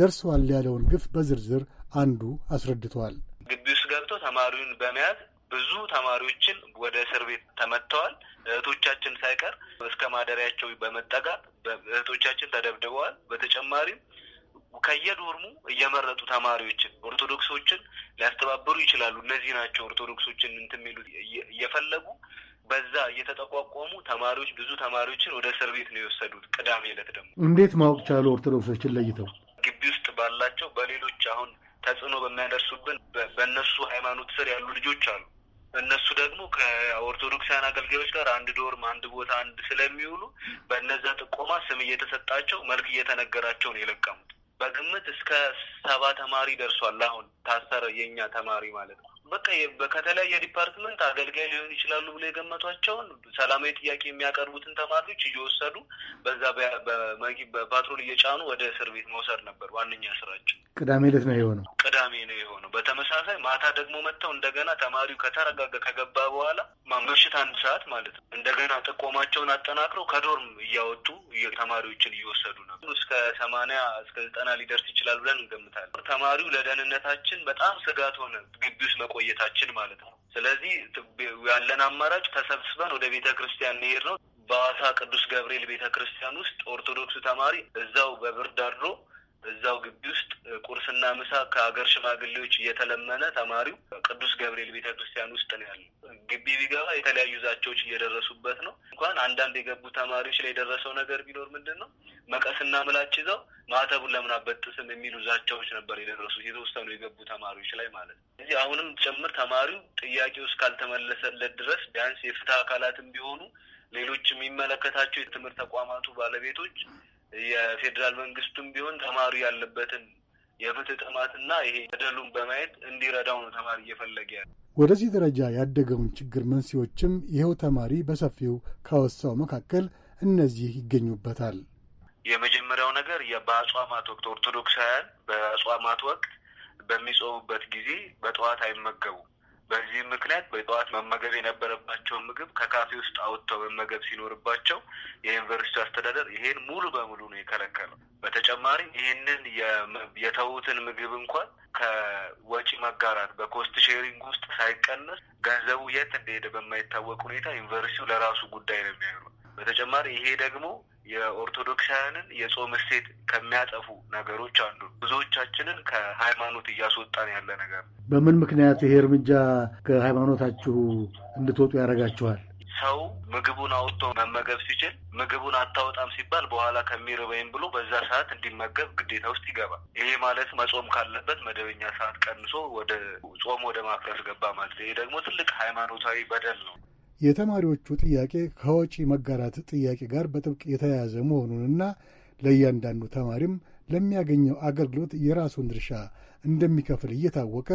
ደርሰዋል ያለውን ግፍ በዝርዝር አንዱ አስረድተዋል። ግቢ ውስጥ ገብቶ ተማሪውን በመያዝ ብዙ ተማሪዎችን ወደ እስር ቤት ተመጥተዋል። እህቶቻችን ሳይቀር እስከ ማደሪያቸው በመጠጋት እህቶቻችን ተደብድበዋል። በተጨማሪም ከየዶርሙ እየመረጡ ተማሪዎችን ኦርቶዶክሶችን ሊያስተባብሩ ይችላሉ፣ እነዚህ ናቸው ኦርቶዶክሶችን እንትን የሚሉት እየፈለጉ በዛ እየተጠቋቋሙ ተማሪዎች ብዙ ተማሪዎችን ወደ እስር ቤት ነው የወሰዱት። ቅዳሜ ዕለት ደግሞ እንዴት ማወቅ ቻሉ? ኦርቶዶክሶችን ለይተው ግቢ ውስጥ ባላቸው በሌሎች አሁን ተጽዕኖ በሚያደርሱብን በእነሱ ሃይማኖት ስር ያሉ ልጆች አሉ። እነሱ ደግሞ ከኦርቶዶክሳን አገልጋዮች ጋር አንድ ዶርም አንድ ቦታ አንድ ስለሚውሉ በእነዛ ጥቆማ ስም እየተሰጣቸው መልክ እየተነገራቸው ነው የለቀሙት። በግምት እስከ ሰባ ተማሪ ደርሷል። አሁን ታሰረ የእኛ ተማሪ ማለት ነው። በቃ ከተለያየ ዲፓርትመንት አገልጋይ ሊሆን ይችላሉ ብሎ የገመቷቸውን ሰላማዊ ጥያቄ የሚያቀርቡትን ተማሪዎች እየወሰዱ በዛ በፓትሮል እየጫኑ ወደ እስር ቤት መውሰድ ነበር ዋነኛ ስራቸው። ቅዳሜ ዕለት ነው የሆነው። ቅዳሜ ነው የሆነው። በተመሳሳይ ማታ ደግሞ መጥተው እንደገና ተማሪው ከተረጋጋ ከገባ በኋላ ምሽት አንድ ሰዓት ማለት ነው እንደገና ጥቆማቸውን አጠናክረው ከዶርም እያወጡ ተማሪዎችን እየወሰዱ ነው። እስከ ሰማንያ እስከ ዘጠና ሊደርስ ይችላል ብለን እንገምታለን። ተማሪው ለደህንነታችን በጣም ስጋት ሆነ፣ ግቢ ውስጥ መቆየታችን ማለት ነው። ስለዚህ ያለን አማራጭ ተሰብስበን ወደ ቤተ ክርስቲያን እንሄድ ነው። በሐዋሳ ቅዱስ ገብርኤል ቤተ ክርስቲያን ውስጥ ኦርቶዶክሱ ተማሪ እዛው በብርድ አድሮ እዛው ግቢ ውስጥ ቁርስና ምሳ ከሀገር ሽማግሌዎች እየተለመነ ተማሪው ቅዱስ ገብርኤል ቤተ ክርስቲያን ውስጥ ነው ያለው። ግቢ ቢገባ የተለያዩ ዛቻዎች እየደረሱበት ነው። እንኳን አንዳንድ የገቡ ተማሪዎች ላይ የደረሰው ነገር ቢኖር ምንድን ነው መቀስና ምላጭ ይዘው ማዕተቡን ለምን አበጥስም የሚሉ ዛቻዎች ነበር የደረሱ የተወሰኑ የገቡ ተማሪዎች ላይ ማለት ነው። እዚህ አሁንም ጭምር ተማሪው ጥያቄው እስካልተመለሰለት ድረስ ቢያንስ የፍትህ አካላትም ቢሆኑ ሌሎች የሚመለከታቸው የትምህርት ተቋማቱ ባለቤቶች የፌዴራል መንግስቱም ቢሆን ተማሪ ያለበትን የፍትህ ጥማትና ይሄ በደሉን በማየት እንዲረዳው ነው ተማሪ እየፈለገ ያለ። ወደዚህ ደረጃ ያደገውን ችግር መንስኤዎችም ይኸው ተማሪ በሰፊው ካወሳው መካከል እነዚህ ይገኙበታል። የመጀመሪያው ነገር በአጽዋማት ወቅት ኦርቶዶክሳውያን በአጽዋማት ወቅት በሚጾሙበት ጊዜ በጠዋት አይመገቡም። በዚህም ምክንያት በጠዋት መመገብ የነበረባቸውን ምግብ ከካፌ ውስጥ አውጥተው መመገብ ሲኖርባቸው የዩኒቨርሲቲ አስተዳደር ይሄን ሙሉ በሙሉ ነው የከለከለው። በተጨማሪም ይህንን የተዉትን ምግብ እንኳን ከወጪ መጋራት በኮስት ሼሪንግ ውስጥ ሳይቀነስ ገንዘቡ የት እንደሄደ በማይታወቅ ሁኔታ ዩኒቨርሲቲው ለራሱ ጉዳይ ነው የሚያሉ። በተጨማሪ ይሄ ደግሞ የኦርቶዶክሳውያንን የጾም እሴት ከሚያጠፉ ነገሮች አንዱ ብዙዎቻችንን ከሃይማኖት እያስወጣን ያለ ነገር ነው። በምን ምክንያት ይሄ እርምጃ ከሃይማኖታችሁ እንድትወጡ ያደርጋችኋል? ሰው ምግቡን አውጥቶ መመገብ ሲችል ምግቡን አታወጣም ሲባል በኋላ ከሚርበይም ብሎ በዛ ሰዓት እንዲመገብ ግዴታ ውስጥ ይገባል። ይሄ ማለት መጾም ካለበት መደበኛ ሰዓት ቀንሶ ወደ ጾም ወደ ማፍረስ ገባ ማለት። ይሄ ደግሞ ትልቅ ሃይማኖታዊ በደል ነው። የተማሪዎቹ ጥያቄ ከወጪ መጋራት ጥያቄ ጋር በጥብቅ የተያያዘ መሆኑንና ለእያንዳንዱ ተማሪም ለሚያገኘው አገልግሎት የራሱን ድርሻ እንደሚከፍል እየታወቀ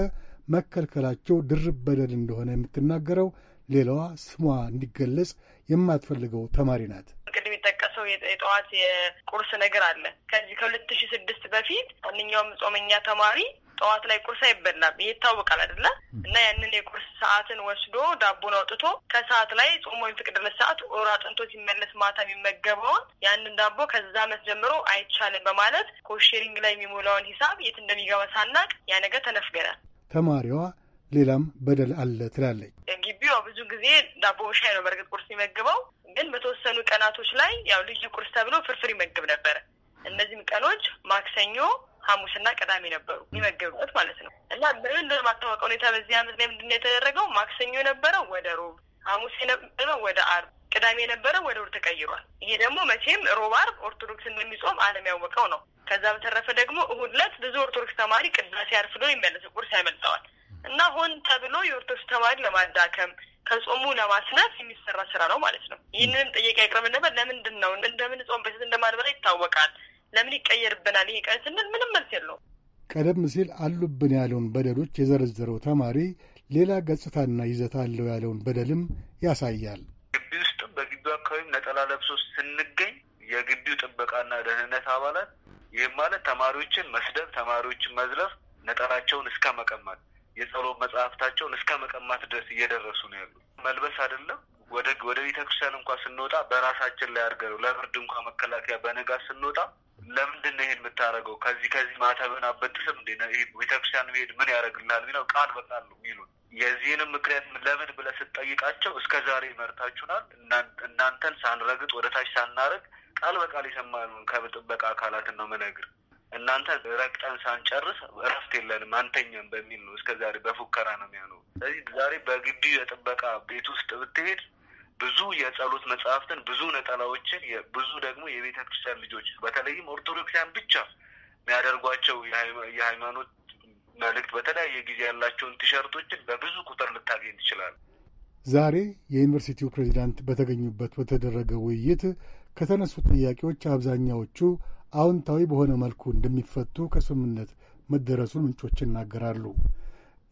መከልከላቸው ድርብ በደል እንደሆነ የምትናገረው ሌላዋ ስሟ እንዲገለጽ የማትፈልገው ተማሪ ናት። ቅድም የጠቀሰው የጠዋት የቁርስ ነገር አለ። ከዚህ ከሁለት ሺ ስድስት በፊት ማንኛውም ጾመኛ ተማሪ ጠዋት ላይ ቁርስ አይበላም። ይሄ ይታወቃል አይደለ? እና ያንን የቁርስ ሰዓትን ወስዶ ዳቦን አውጥቶ ከሰዓት ላይ ጾሞ የሚፈቅድለት ሰዓት ኦራ አጥንቶ ሲመለስ ማታ የሚመገበውን ያንን ዳቦ ከዛ አመት ጀምሮ አይቻልም በማለት ኮሼሪንግ ላይ የሚሞላውን ሂሳብ የት እንደሚገባ ሳናቅ ያ ነገር ተነፍገናል። ተማሪዋ ሌላም በደል አለ ትላለች። ግቢዋ ብዙ ጊዜ ዳቦ ሻይ ነው በእርግጥ ቁርስ የሚመግበው፣ ግን በተወሰኑ ቀናቶች ላይ ያው ልዩ ቁርስ ተብሎ ፍርፍር ይመግብ ነበር። እነዚህም ቀኖች ማክሰኞ ሐሙስና ቅዳሜ ነበሩ የሚመገቡበት ማለት ነው። እና ምንም በማታወቀ ሁኔታ በዚህ አመት ላይ ምንድን ነው የተደረገው? ማክሰኞ የነበረው ወደ ሮብ፣ ሐሙስ የነበረው ወደ አርብ፣ ቅዳሜ የነበረው ወደ እሑድ ተቀይሯል። ይሄ ደግሞ መቼም ሮብ አርብ ኦርቶዶክስ እንደሚጾም ዓለም ያወቀው ነው። ከዛ በተረፈ ደግሞ እሑድ ዕለት ብዙ ኦርቶዶክስ ተማሪ ቅዳሴ አርፍዶ የሚመለሰው ቁርስ ያመልጠዋል እና ሆን ተብሎ የኦርቶዶክስ ተማሪ ለማዳከም ከጾሙ ለማስነፍ የሚሰራ ስራ ነው ማለት ነው። ይህንንም ጥያቄ ያቅርብን ነበር። ለምንድን ነው እንደምን ጾም በሴት እንደማድበላ ይታወቃል። ለምን ይቀየርብናል ይሄ ቀን ስንል ምንም መልስ የለውም። ቀደም ሲል አሉብን ያለውን በደሎች የዘረዘረው ተማሪ ሌላ ገጽታና ይዘት አለው ያለውን በደልም ያሳያል። ግቢ ውስጥም በግቢው አካባቢም ነጠላ ለብሶ ስንገኝ የግቢው ጥበቃና ደህንነት አባላት ይህም ማለት ተማሪዎችን መስደብ፣ ተማሪዎችን መዝለፍ፣ ነጠላቸውን እስከ መቀማት፣ የጸሎት መጽሐፍታቸውን እስከ መቀማት ድረስ እየደረሱ ነው ያሉ መልበስ አይደለም ወደ ወደ ቤተክርስቲያን እንኳ ስንወጣ በራሳችን ላይ አድርገ ለፍርድ እንኳ መከላከያ በንጋት ስንወጣ ለምንድን ነው ይሄን የምታደርገው? ከዚህ ከዚህ ማተብን አበጥስም እንዴ ቤተክርስቲያን መሄድ ምን ያደርግልሃል? የሚለው ቃል በቃል ነው የሚሉን። የዚህንም ምክንያት ለምን ብለህ ስትጠይቃቸው እስከ ዛሬ መርታችሁናል፣ እናንተን ሳንረግጥ ወደ ታች ሳናረግ ቃል በቃል የሰማነውን ከጥበቃ አካላትን ነው መነግር እናንተ ረግጠን ሳንጨርስ እረፍት የለንም አንተኛም በሚል ነው እስከ ዛሬ በፉከራ ነው የሚያኖሩ። ስለዚህ ዛሬ በግቢ የጥበቃ ቤት ውስጥ ብትሄድ ብዙ የጸሎት መጽሐፍትን፣ ብዙ ነጠላዎችን፣ ብዙ ደግሞ የቤተ ክርስቲያን ልጆች በተለይም ኦርቶዶክሲያን ብቻ የሚያደርጓቸው የሃይማኖት መልእክት በተለያየ ጊዜ ያላቸውን ቲሸርቶችን በብዙ ቁጥር ልታገኝ ትችላል። ዛሬ የዩኒቨርሲቲው ፕሬዚዳንት በተገኙበት በተደረገ ውይይት ከተነሱ ጥያቄዎች አብዛኛዎቹ አዎንታዊ በሆነ መልኩ እንደሚፈቱ ከስምምነት መደረሱን ምንጮች ይናገራሉ።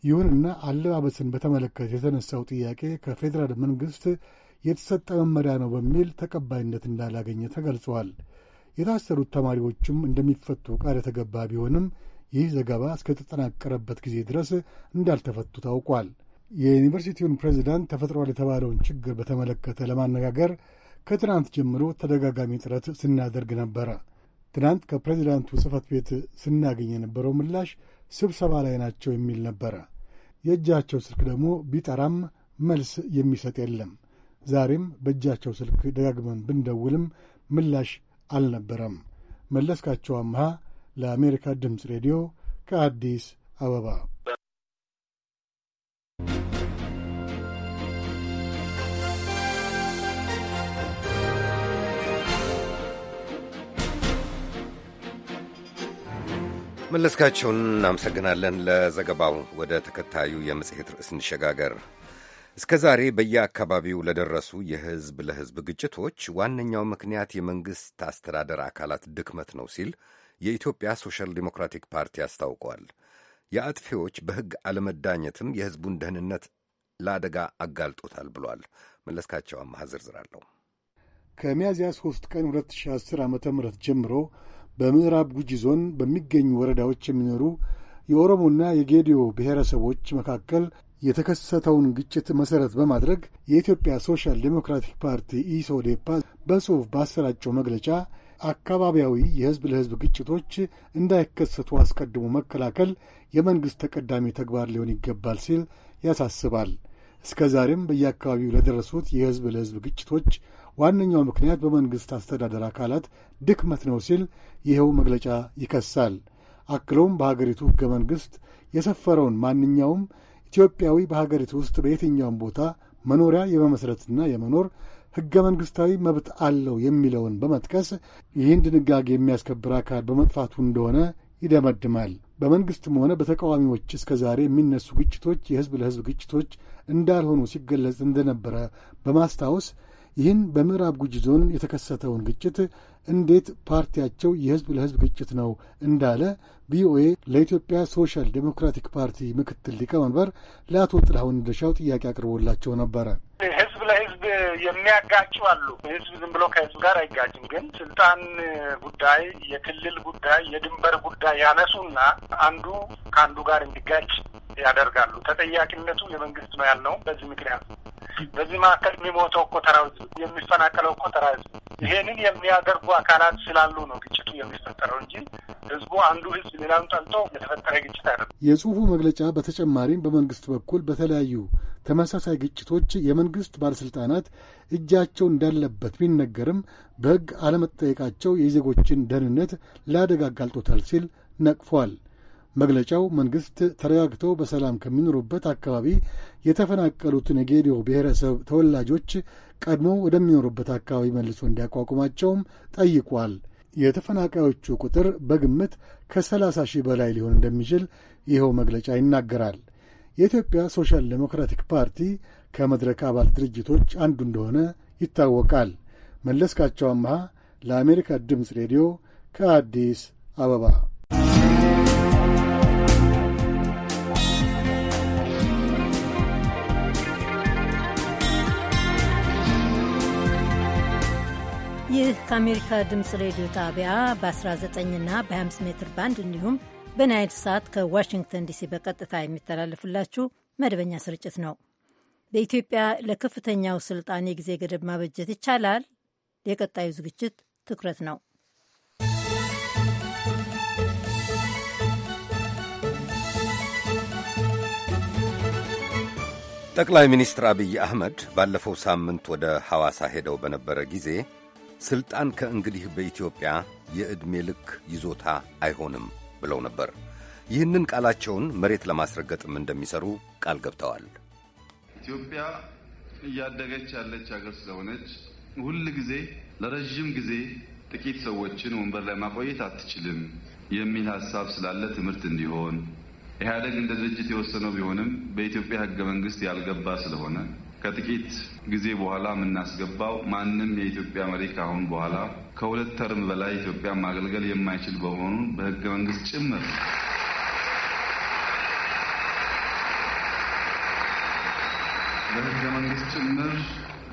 ይሁንና አለባበስን በተመለከተ የተነሳው ጥያቄ ከፌዴራል መንግሥት የተሰጠ መመሪያ ነው በሚል ተቀባይነት እንዳላገኘ ተገልጿል። የታሰሩት ተማሪዎችም እንደሚፈቱ ቃል የተገባ ቢሆንም ይህ ዘገባ እስከተጠናቀረበት ጊዜ ድረስ እንዳልተፈቱ ታውቋል። የዩኒቨርሲቲውን ፕሬዚዳንት ተፈጥሯል የተባለውን ችግር በተመለከተ ለማነጋገር ከትናንት ጀምሮ ተደጋጋሚ ጥረት ስናደርግ ነበረ። ትናንት ከፕሬዚዳንቱ ጽህፈት ቤት ስናገኝ የነበረው ምላሽ ስብሰባ ላይ ናቸው የሚል ነበረ። የእጃቸው ስልክ ደግሞ ቢጠራም መልስ የሚሰጥ የለም። ዛሬም በእጃቸው ስልክ ደጋግመን ብንደውልም ምላሽ አልነበረም። መለስካቸው አምሃ ለአሜሪካ ድምፅ ሬዲዮ ከአዲስ አበባ መለስካቸውን እናመሰግናለን ለዘገባው። ወደ ተከታዩ የመጽሔት ርዕስ እንሸጋገር። እስከ ዛሬ በየአካባቢው ለደረሱ የህዝብ ለህዝብ ግጭቶች ዋነኛው ምክንያት የመንግሥት አስተዳደር አካላት ድክመት ነው ሲል የኢትዮጵያ ሶሻል ዴሞክራቲክ ፓርቲ አስታውቋል። የአጥፊዎች በሕግ አለመዳኘትም የሕዝቡን ደህንነት ለአደጋ አጋልጦታል ብሏል። መለስካቸው አማሃ ዝርዝራለሁ። ከሚያዝያ 3 ቀን 2010 ዓ ም ጀምሮ በምዕራብ ጉጂ ዞን በሚገኙ ወረዳዎች የሚኖሩ የኦሮሞና የጌዲዮ ብሔረሰቦች መካከል የተከሰተውን ግጭት መሠረት በማድረግ የኢትዮጵያ ሶሻል ዴሞክራቲክ ፓርቲ ኢሶዴፓ በጽሑፍ ባሰራጨው መግለጫ አካባቢያዊ የሕዝብ ለሕዝብ ግጭቶች እንዳይከሰቱ አስቀድሞ መከላከል የመንግሥት ተቀዳሚ ተግባር ሊሆን ይገባል ሲል ያሳስባል። እስከ ዛሬም በየአካባቢው ለደረሱት የሕዝብ ለሕዝብ ግጭቶች ዋነኛው ምክንያት በመንግሥት አስተዳደር አካላት ድክመት ነው ሲል ይኸው መግለጫ ይከሳል። አክለውም በሀገሪቱ ሕገ መንግሥት የሰፈረውን ማንኛውም ኢትዮጵያዊ በሀገሪቱ ውስጥ በየትኛውም ቦታ መኖሪያ የመመስረትና የመኖር ሕገ መንግሥታዊ መብት አለው የሚለውን በመጥቀስ ይህን ድንጋጌ የሚያስከብር አካል በመጥፋቱ እንደሆነ ይደመድማል። በመንግሥትም ሆነ በተቃዋሚዎች እስከ ዛሬ የሚነሱ ግጭቶች የሕዝብ ለሕዝብ ግጭቶች እንዳልሆኑ ሲገለጽ እንደነበረ በማስታወስ ይህን በምዕራብ ጉጂ ዞን የተከሰተውን ግጭት እንዴት ፓርቲያቸው የህዝብ ለህዝብ ግጭት ነው እንዳለ ቪኦኤ ለኢትዮጵያ ሶሻል ዴሞክራቲክ ፓርቲ ምክትል ሊቀመንበር ለአቶ ጥላሁን ደሻው ጥያቄ አቅርቦላቸው ነበረ። ህዝብ ለህዝብ የሚያጋጩ አሉ። ህዝብ ዝም ብሎ ከህዝብ ጋር አይጋጭም። ግን ስልጣን ጉዳይ፣ የክልል ጉዳይ፣ የድንበር ጉዳይ ያነሱና አንዱ ከአንዱ ጋር እንዲጋጭ ያደርጋሉ። ተጠያቂነቱ የመንግስት ነው ያልነውም በዚህ ምክንያት በዚህ መካከል የሚሞተው እኮ ተራ የሚፈናቀለው እኮ ተራ ይሄንን የሚያደርጉ አካላት ስላሉ ነው ግጭቱ የሚፈጠረው እንጂ ህዝቡ አንዱ ህዝብ ሌላውን ጠልቶ የተፈጠረ ግጭት አይደለም። የጽሁፉ መግለጫ በተጨማሪም በመንግስት በኩል በተለያዩ ተመሳሳይ ግጭቶች የመንግስት ባለስልጣናት እጃቸው እንዳለበት ቢነገርም በህግ አለመጠየቃቸው የዜጎችን ደህንነት ለአደጋ አጋልጦታል ሲል ነቅፏል። መግለጫው መንግሥት ተረጋግተው በሰላም ከሚኖሩበት አካባቢ የተፈናቀሉትን የጌዲዮ ብሔረሰብ ተወላጆች ቀድሞ ወደሚኖሩበት አካባቢ መልሶ እንዲያቋቁማቸውም ጠይቋል። የተፈናቃዮቹ ቁጥር በግምት ከሰላሳ ሺህ በላይ ሊሆን እንደሚችል ይኸው መግለጫ ይናገራል። የኢትዮጵያ ሶሻል ዴሞክራቲክ ፓርቲ ከመድረክ አባል ድርጅቶች አንዱ እንደሆነ ይታወቃል። መለስካቸው አምሃ ለአሜሪካ ድምፅ ሬዲዮ ከአዲስ አበባ ይህ ከአሜሪካ ድምፅ ሬዲዮ ጣቢያ በ 19 እና በ25 ሜትር ባንድ እንዲሁም በናይል ሳት ከዋሽንግተን ዲሲ በቀጥታ የሚተላለፍላችሁ መደበኛ ስርጭት ነው። በኢትዮጵያ ለከፍተኛው ስልጣን የጊዜ ገደብ ማበጀት ይቻላል? የቀጣዩ ዝግጅት ትኩረት ነው። ጠቅላይ ሚኒስትር አብይ አህመድ ባለፈው ሳምንት ወደ ሐዋሳ ሄደው በነበረ ጊዜ ሥልጣን ከእንግዲህ በኢትዮጵያ የዕድሜ ልክ ይዞታ አይሆንም ብለው ነበር። ይህንን ቃላቸውን መሬት ለማስረገጥም እንደሚሰሩ ቃል ገብተዋል። ኢትዮጵያ እያደገች ያለች ሀገር ስለሆነች ሁል ጊዜ ለረዥም ጊዜ ጥቂት ሰዎችን ወንበር ላይ ማቆየት አትችልም የሚል ሀሳብ ስላለ ትምህርት እንዲሆን ኢህአደግ እንደ ድርጅት የወሰነው ቢሆንም በኢትዮጵያ ህገ መንግስት ያልገባ ስለሆነ ከጥቂት ጊዜ በኋላ የምናስገባው ማንም የኢትዮጵያ መሪ ካሁን በኋላ ከሁለት ተርም በላይ ኢትዮጵያ ማገልገል የማይችል በመሆኑን በህገ መንግስት ጭምር በህገ መንግስት ጭምር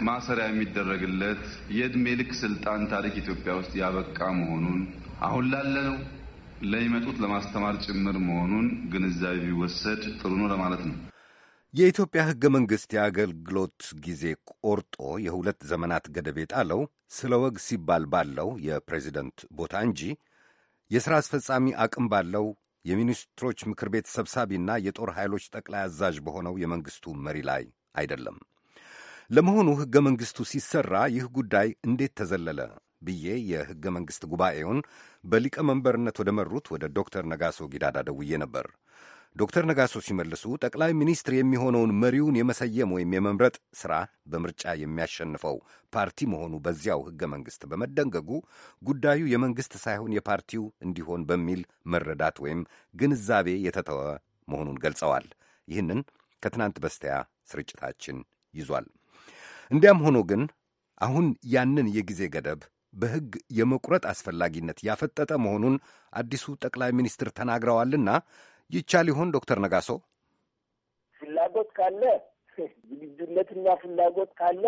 ማሰሪያ የሚደረግለት የእድሜ ልክ ስልጣን ታሪክ ኢትዮጵያ ውስጥ ያበቃ መሆኑን አሁን ላለነው ለሚመጡት ለማስተማር ጭምር መሆኑን ግንዛቤ ቢወሰድ ጥሩ ነው ለማለት ነው። የኢትዮጵያ ሕገ መንግሥት የአገልግሎት ጊዜ ቆርጦ የሁለት ዘመናት ገደብ የጣለው ስለ ወግ ሲባል ባለው የፕሬዚደንት ቦታ እንጂ የሥራ አስፈጻሚ አቅም ባለው የሚኒስትሮች ምክር ቤት ሰብሳቢና የጦር ኃይሎች ጠቅላይ አዛዥ በሆነው የመንግሥቱ መሪ ላይ አይደለም። ለመሆኑ ሕገ መንግሥቱ ሲሠራ ይህ ጉዳይ እንዴት ተዘለለ ብዬ የሕገ መንግሥት ጉባኤውን በሊቀመንበርነት ወደ መሩት ወደ ዶክተር ነጋሶ ጊዳዳ ደውዬ ነበር። ዶክተር ነጋሶ ሲመልሱ ጠቅላይ ሚኒስትር የሚሆነውን መሪውን የመሰየም ወይም የመምረጥ ሥራ በምርጫ የሚያሸንፈው ፓርቲ መሆኑ በዚያው ሕገ መንግሥት በመደንገጉ ጉዳዩ የመንግሥት ሳይሆን የፓርቲው እንዲሆን በሚል መረዳት ወይም ግንዛቤ የተተወ መሆኑን ገልጸዋል። ይህንን ከትናንት በስቲያ ስርጭታችን ይዟል። እንዲያም ሆኖ ግን አሁን ያንን የጊዜ ገደብ በሕግ የመቁረጥ አስፈላጊነት ያፈጠጠ መሆኑን አዲሱ ጠቅላይ ሚኒስትር ተናግረዋልና ይቻል ይሆን ዶክተር ነጋሶ? ፍላጎት ካለ ዝግጁነትና ፍላጎት ካለ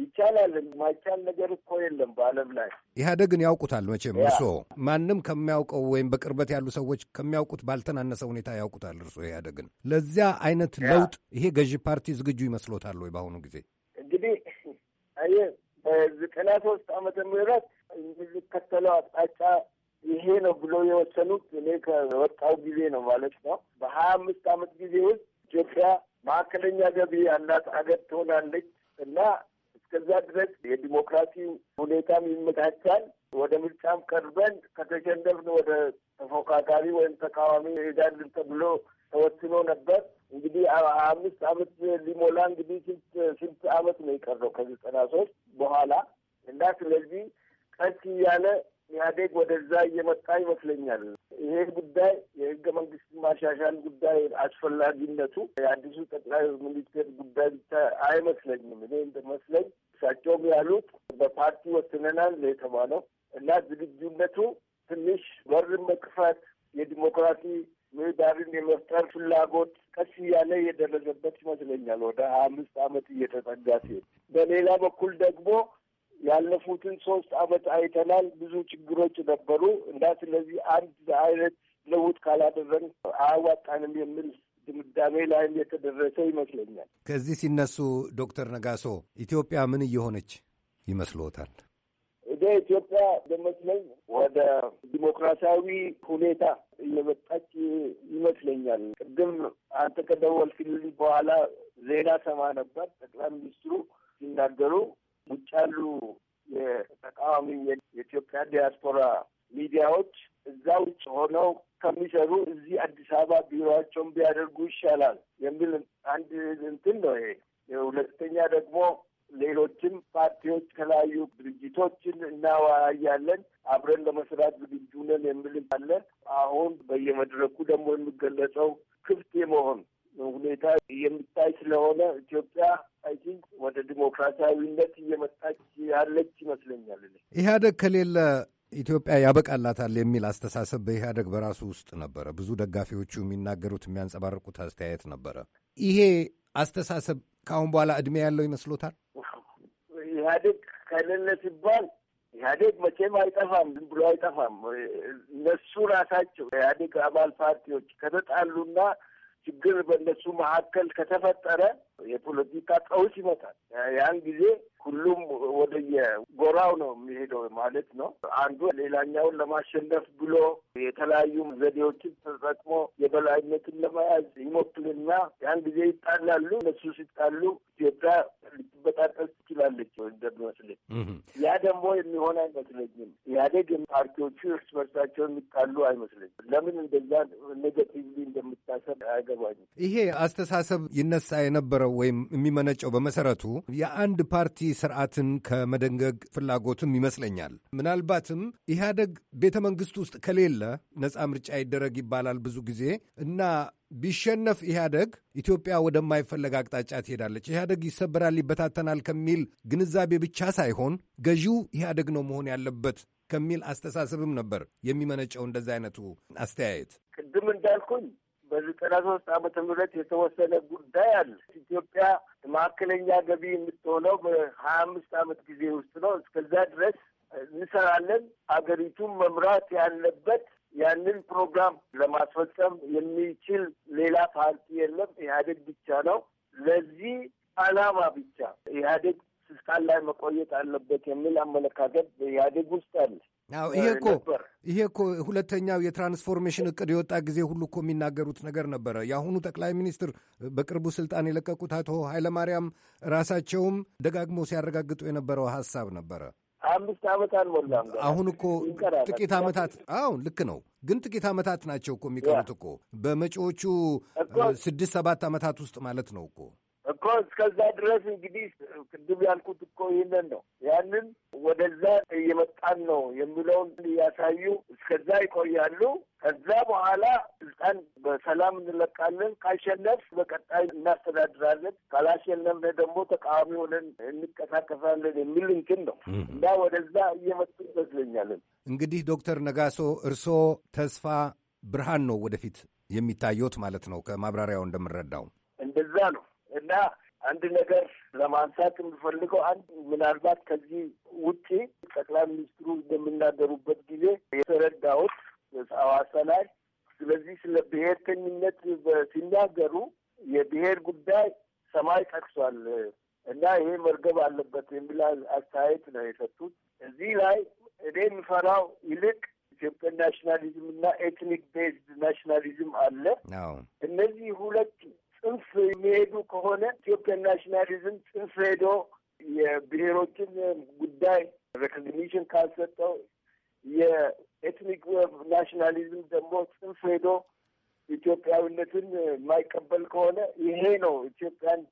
ይቻላል። ማይቻል ነገር እኮ የለም በዓለም ላይ። ኢህአዴግን ያውቁታል መቼም እርስዎ። ማንም ከሚያውቀው ወይም በቅርበት ያሉ ሰዎች ከሚያውቁት ባልተናነሰ ሁኔታ ያውቁታል እርስዎ ኢህአዴግን። ለዚያ አይነት ለውጥ ይሄ ገዢ ፓርቲ ዝግጁ ይመስሎታል ወይ? በአሁኑ ጊዜ እንግዲህ አየህ በዘጠና ሶስት ዓመተ ምህረት የሚከተለው አቅጣጫ ይሄ ነው ብለው የወሰኑት እኔ ከወጣው ጊዜ ነው ማለት ነው። በሀያ አምስት አመት ጊዜ ውስጥ ኢትዮጵያ መካከለኛ ገቢ ያላት ሀገር ትሆናለች እና እስከዛ ድረስ የዲሞክራሲ ሁኔታም ይመቻቻል። ወደ ምርጫም ቀርበን ከተሸነፍን ወደ ተፎካካሪ ወይም ተቃዋሚ ሄዳልን ተብሎ ተወስኖ ነበር። እንግዲህ አምስት አመት ሊሞላ እንግዲህ ስንት ስንት አመት ነው የቀረው ከዘጠና ሶስት በኋላ እና ስለዚህ ቀስ እያለ ኢህአዴግ ወደዛ እየመጣ ይመስለኛል። ይሄ ጉዳይ የህገ መንግስት ማሻሻል ጉዳይ አስፈላጊነቱ የአዲሱ ጠቅላይ ሚኒስትር ጉዳይ ብቻ አይመስለኝም። እኔ እንደመስለኝ እሳቸውም ያሉት በፓርቲ ወስነናል የተባለው እና ዝግጁነቱ ትንሽ በር መክፈት የዲሞክራሲ ምህዳርን የመፍጠር ፍላጎት ቀስ እያለ የደረሰበት ይመስለኛል። ወደ ሀያ አምስት አመት እየተጠጋ ሲሄድ በሌላ በኩል ደግሞ ያለፉትን ሶስት አመት አይተናል። ብዙ ችግሮች ነበሩ እና ስለዚህ አንድ አይነት ለውጥ ካላደረግን አያዋጣንም የሚል ድምዳሜ ላይም የተደረሰ ይመስለኛል። ከዚህ ሲነሱ ዶክተር ነጋሶ ኢትዮጵያ ምን እየሆነች ይመስልዎታል? እኔ ኢትዮጵያ እንደመስለኝ ወደ ዲሞክራሲያዊ ሁኔታ እየመጣች ይመስለኛል። ቅድም አንተ ከደወልክልኝ በኋላ ዜና ሰማ ነበር ጠቅላይ ሚኒስትሩ ሲናገሩ ውጭ ያሉ የተቃዋሚ የኢትዮጵያ ዲያስፖራ ሚዲያዎች እዛ ውጭ ሆነው ከሚሰሩ እዚህ አዲስ አበባ ቢሮቸውን ቢያደርጉ ይሻላል የሚል አንድ እንትን ነው ይሄ። ሁለተኛ ደግሞ ሌሎችም ፓርቲዎች ከተለያዩ ድርጅቶችን እናወያያለን፣ አብረን ለመስራት ዝግጁ ነን የሚል አለ። አሁን በየመድረኩ ደግሞ የሚገለጸው ክፍት የመሆን ሁኔታ የሚታይ ስለሆነ ኢትዮጵያ አይ ቲንክ ወደ ዲሞክራሲያዊነት እየመጣች ያለች ይመስለኛል። ኢህአደግ ከሌለ ኢትዮጵያ ያበቃላታል የሚል አስተሳሰብ በኢህአደግ በራሱ ውስጥ ነበረ። ብዙ ደጋፊዎቹ የሚናገሩት የሚያንጸባርቁት አስተያየት ነበረ። ይሄ አስተሳሰብ ከአሁን በኋላ እድሜ ያለው ይመስሎታል? ኢህአዴግ ከሌለ ሲባል ኢህአዴግ መቼም አይጠፋም፣ ዝም ብሎ አይጠፋም። እነሱ ራሳቸው ኢህአዴግ አባል ፓርቲዎች ከተጣሉና ችግር በእነሱ መካከል ከተፈጠረ የፖለቲካ ቀውስ ይመጣል። ያን ጊዜ ሁሉም ወደ የጎራው ነው የሚሄደው ማለት ነው። አንዱ ሌላኛውን ለማሸነፍ ብሎ የተለያዩ ዘዴዎችን ተጠቅሞ የበላይነትን ለመያዝ ይሞክልና ያን ጊዜ ይጣላሉ። እነሱ ሲጣሉ ኢትዮጵያ ልትበጣጠስ ትችላለች እንደሚመስለኝ። ያ ደግሞ የሚሆን አይመስለኝም። ኢህአዴግ ፓርቲዎቹ እርስ በርሳቸው የሚጣሉ አይመስለኝም። ለምን እንደዛ ኔጋቲቭሊ እንደምታሰብ አይገባኝም። ይሄ አስተሳሰብ ይነሳ የነበረ የሚጀምረው ወይም የሚመነጨው በመሰረቱ የአንድ ፓርቲ ስርዓትን ከመደንገግ ፍላጎትም ይመስለኛል። ምናልባትም ኢህአደግ ቤተ መንግስት ውስጥ ከሌለ ነፃ ምርጫ ይደረግ ይባላል ብዙ ጊዜ እና ቢሸነፍ ኢህአደግ ኢትዮጵያ ወደማይፈለግ አቅጣጫ ትሄዳለች፣ ኢህአደግ ይሰበራል፣ ይበታተናል ከሚል ግንዛቤ ብቻ ሳይሆን ገዢው ኢህአደግ ነው መሆን ያለበት ከሚል አስተሳሰብም ነበር የሚመነጨው እንደዚህ አይነቱ አስተያየት። ቅድም እንዳልኩኝ በዘጠና ሶስት ዓመተ ምህረት የተወሰነ ጉዳይ አለ። ኢትዮጵያ መካከለኛ ገቢ የምትሆነው በሀያ አምስት ዓመት ጊዜ ውስጥ ነው። እስከዛ ድረስ እንሰራለን። አገሪቱን መምራት ያለበት ያንን ፕሮግራም ለማስፈጸም የሚችል ሌላ ፓርቲ የለም፣ ኢህአዴግ ብቻ ነው። ለዚህ ዓላማ ብቻ ኢህአዴግ ስልጣን ላይ መቆየት አለበት የሚል አመለካከት በኢህአዴግ ውስጥ አለ። አዎ ይሄ እኮ ይሄ እኮ ሁለተኛው የትራንስፎርሜሽን እቅድ የወጣ ጊዜ ሁሉ እኮ የሚናገሩት ነገር ነበረ። የአሁኑ ጠቅላይ ሚኒስትር በቅርቡ ስልጣን የለቀቁት አቶ ኃይለማርያም ራሳቸውም ደጋግሞ ሲያረጋግጡ የነበረው ሀሳብ ነበረ። አምስት ዓመት አልሞላም። አሁን እኮ ጥቂት ዓመታት አሁን ልክ ነው፣ ግን ጥቂት ዓመታት ናቸው እኮ የሚቀሩት እኮ በመጪዎቹ ስድስት ሰባት ዓመታት ውስጥ ማለት ነው እኮ እኮ እስከዛ ድረስ እንግዲህ ቅድም ያልኩት እኮ ይህንን ነው። ያንን ወደዛ እየመጣን ነው የሚለውን እያሳዩ እስከዛ ይቆያሉ። ከዛ በኋላ ስልጣን በሰላም እንለቃለን። ካሸነፍ በቀጣይ እናስተዳድራለን፣ ካላሸነፍነ ደግሞ ተቃዋሚ ሆነን እንቀሳቀሳለን የሚል እንትን ነው እና ወደዛ እየመጡ ይመስለኛለን። እንግዲህ ዶክተር ነጋሶ እርስዎ ተስፋ ብርሃን ነው ወደፊት የሚታየት ማለት ነው። ከማብራሪያው እንደምንረዳው እንደዛ ነው። እና አንድ ነገር ለማንሳት የምፈልገው አንድ ምናልባት ከዚህ ውጪ ጠቅላይ ሚኒስትሩ በሚናገሩበት ጊዜ የተረዳሁት አዋሳ ላይ ስለዚህ ስለ ብሔርተኝነት ሲናገሩ የብሔር ጉዳይ ሰማይ ጠቅሷል እና ይሄ መርገብ አለበት የሚል አስተያየት ነው የሰጡት። እዚህ ላይ እኔ የምፈራው ይልቅ ኢትዮጵያን ናሽናሊዝም እና ኤትኒክ ቤዝድ ናሽናሊዝም አለ። እነዚህ ሁለት ጽንፍ የሚሄዱ ከሆነ ኢትዮጵያን ናሽናሊዝም ጽንፍ ሄዶ የብሔሮችን ጉዳይ ሬኮግኒሽን ካልሰጠው የኤትኒክ ናሽናሊዝም ደግሞ ጽንፍ ሄዶ ኢትዮጵያዊነትን የማይቀበል ከሆነ ይሄ ነው ኢትዮጵያን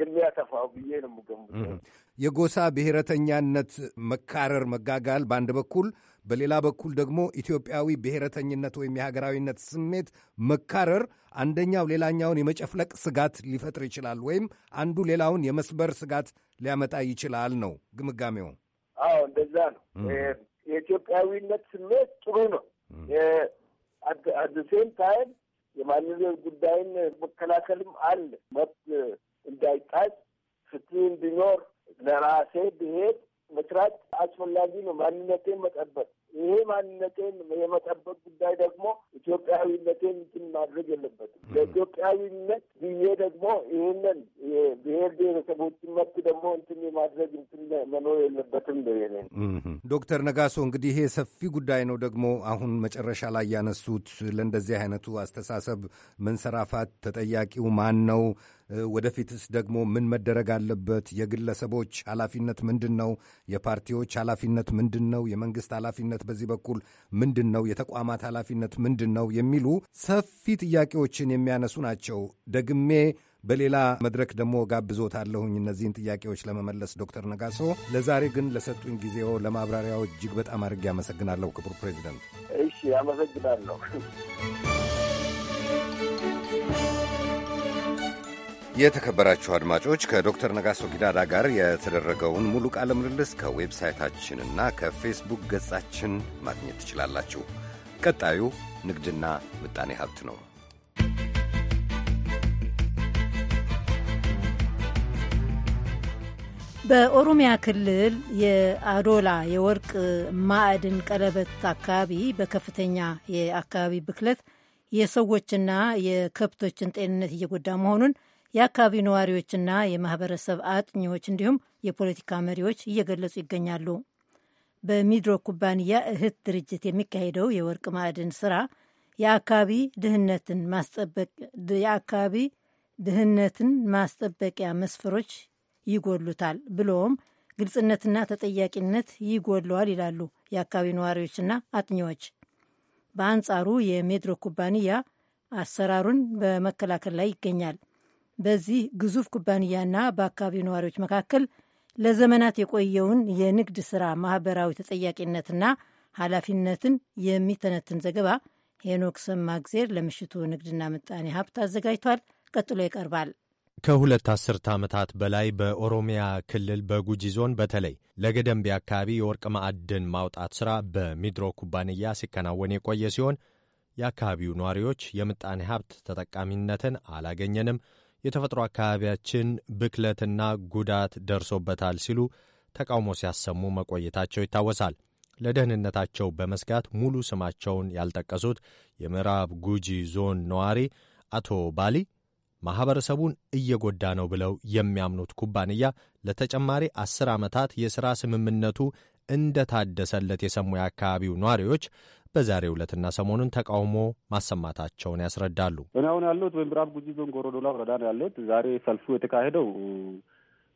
የሚያጠፋው ብዬ ነው የምገምተው። የጎሳ ብሔረተኛነት መካረር፣ መጋጋል በአንድ በኩል በሌላ በኩል ደግሞ ኢትዮጵያዊ ብሔረተኝነት ወይም የሀገራዊነት ስሜት መካረር አንደኛው ሌላኛውን የመጨፍለቅ ስጋት ሊፈጥር ይችላል፣ ወይም አንዱ ሌላውን የመስበር ስጋት ሊያመጣ ይችላል ነው ግምጋሜው። አዎ እንደዛ ነው። የኢትዮጵያዊነት ስሜት ጥሩ ነው። አት ዘ ሴም ታይም የማንነት ጉዳይን መከላከልም አለ መብት እንዳይጣጭ ፍትህ እንዲኖር ለራሴ ብሄድ መስራት አስፈላጊ ነው። ማንነቴን መጠበቅ ይሄ ማንነቴን የመጠበቅ ጉዳይ ደግሞ ኢትዮጵያዊነቴን እንትን ማድረግ የለበትም። ለኢትዮጵያዊነት ብዬ ደግሞ ይህንን ብሔር ብሔረሰቦችን መብት ደግሞ እንትን የማድረግ እንትን መኖር የለበትም ዶክተር ነጋሶ እንግዲህ ይሄ ሰፊ ጉዳይ ነው። ደግሞ አሁን መጨረሻ ላይ ያነሱት ለእንደዚህ አይነቱ አስተሳሰብ መንሰራፋት ተጠያቂው ማን ነው? ወደፊትስ ደግሞ ምን መደረግ አለበት? የግለሰቦች ኃላፊነት ምንድን ነው? የፓርቲዎች ኃላፊነት ምንድን ነው? የመንግስት ኃላፊነት በዚህ በኩል ምንድን ነው? የተቋማት ኃላፊነት ምንድን ነው? የሚሉ ሰፊ ጥያቄዎችን የሚያነሱ ናቸው። ደግሜ በሌላ መድረክ ደግሞ ጋብዞታለሁኝ እነዚህን ጥያቄዎች ለመመለስ ዶክተር ነጋሶ። ለዛሬ ግን ለሰጡኝ ጊዜው ለማብራሪያው እጅግ በጣም አድርጌ አመሰግናለሁ ክቡር ፕሬዚደንት። እሺ አመሰግናለሁ። የተከበራችሁ አድማጮች ከዶክተር ነጋሶ ጊዳዳ ጋር የተደረገውን ሙሉ ቃለ ምልልስ ከዌብሳይታችንና ከፌስቡክ ገጻችን ማግኘት ትችላላችሁ። ቀጣዩ ንግድና ምጣኔ ሀብት ነው። በኦሮሚያ ክልል የአዶላ የወርቅ ማዕድን ቀለበት አካባቢ በከፍተኛ የአካባቢ ብክለት የሰዎችና የከብቶችን ጤንነት እየጎዳ መሆኑን የአካባቢው ነዋሪዎችና የማህበረሰብ አጥኚዎች እንዲሁም የፖለቲካ መሪዎች እየገለጹ ይገኛሉ። በሚድሮ ኩባንያ እህት ድርጅት የሚካሄደው የወርቅ ማዕድን ስራ የአካባቢ ድህነትን ማስጠበቅ የአካባቢ ድህነትን ማስጠበቂያ መስፈሮች ይጎሉታል ብሎም ግልጽነትና ተጠያቂነት ይጎለዋል ይላሉ የአካባቢ ነዋሪዎችና አጥኚዎች። በአንጻሩ የሜድሮ ኩባንያ አሰራሩን በመከላከል ላይ ይገኛል። በዚህ ግዙፍ ኩባንያና በአካባቢው ነዋሪዎች መካከል ለዘመናት የቆየውን የንግድ ሥራ ማኅበራዊ ተጠያቂነትና ኃላፊነትን የሚተነትን ዘገባ ሄኖክ ሰማግዜር ለምሽቱ ንግድና ምጣኔ ሀብት አዘጋጅቷል። ቀጥሎ ይቀርባል። ከሁለት አስርተ ዓመታት በላይ በኦሮሚያ ክልል በጉጂ ዞን በተለይ ለገደምቢ አካባቢ የወርቅ ማዕድን ማውጣት ሥራ በሚድሮ ኩባንያ ሲከናወን የቆየ ሲሆን የአካባቢው ነዋሪዎች የምጣኔ ሀብት ተጠቃሚነትን አላገኘንም የተፈጥሮ አካባቢያችን ብክለትና ጉዳት ደርሶበታል ሲሉ ተቃውሞ ሲያሰሙ መቆየታቸው ይታወሳል። ለደህንነታቸው በመስጋት ሙሉ ስማቸውን ያልጠቀሱት የምዕራብ ጉጂ ዞን ነዋሪ አቶ ባሊ ማኅበረሰቡን እየጎዳ ነው ብለው የሚያምኑት ኩባንያ ለተጨማሪ አስር ዓመታት የሥራ ስምምነቱ እንደታደሰለት የሰሙ የአካባቢው ነዋሪዎች በዛሬ ዕለትና ሰሞኑን ተቃውሞ ማሰማታቸውን ያስረዳሉ። እኔ አሁን ያለሁት በምዕራብ ጉጂ ዞን ጎረዶላ ወረዳ ነው ያለሁት። ዛሬ ሰልፉ የተካሄደው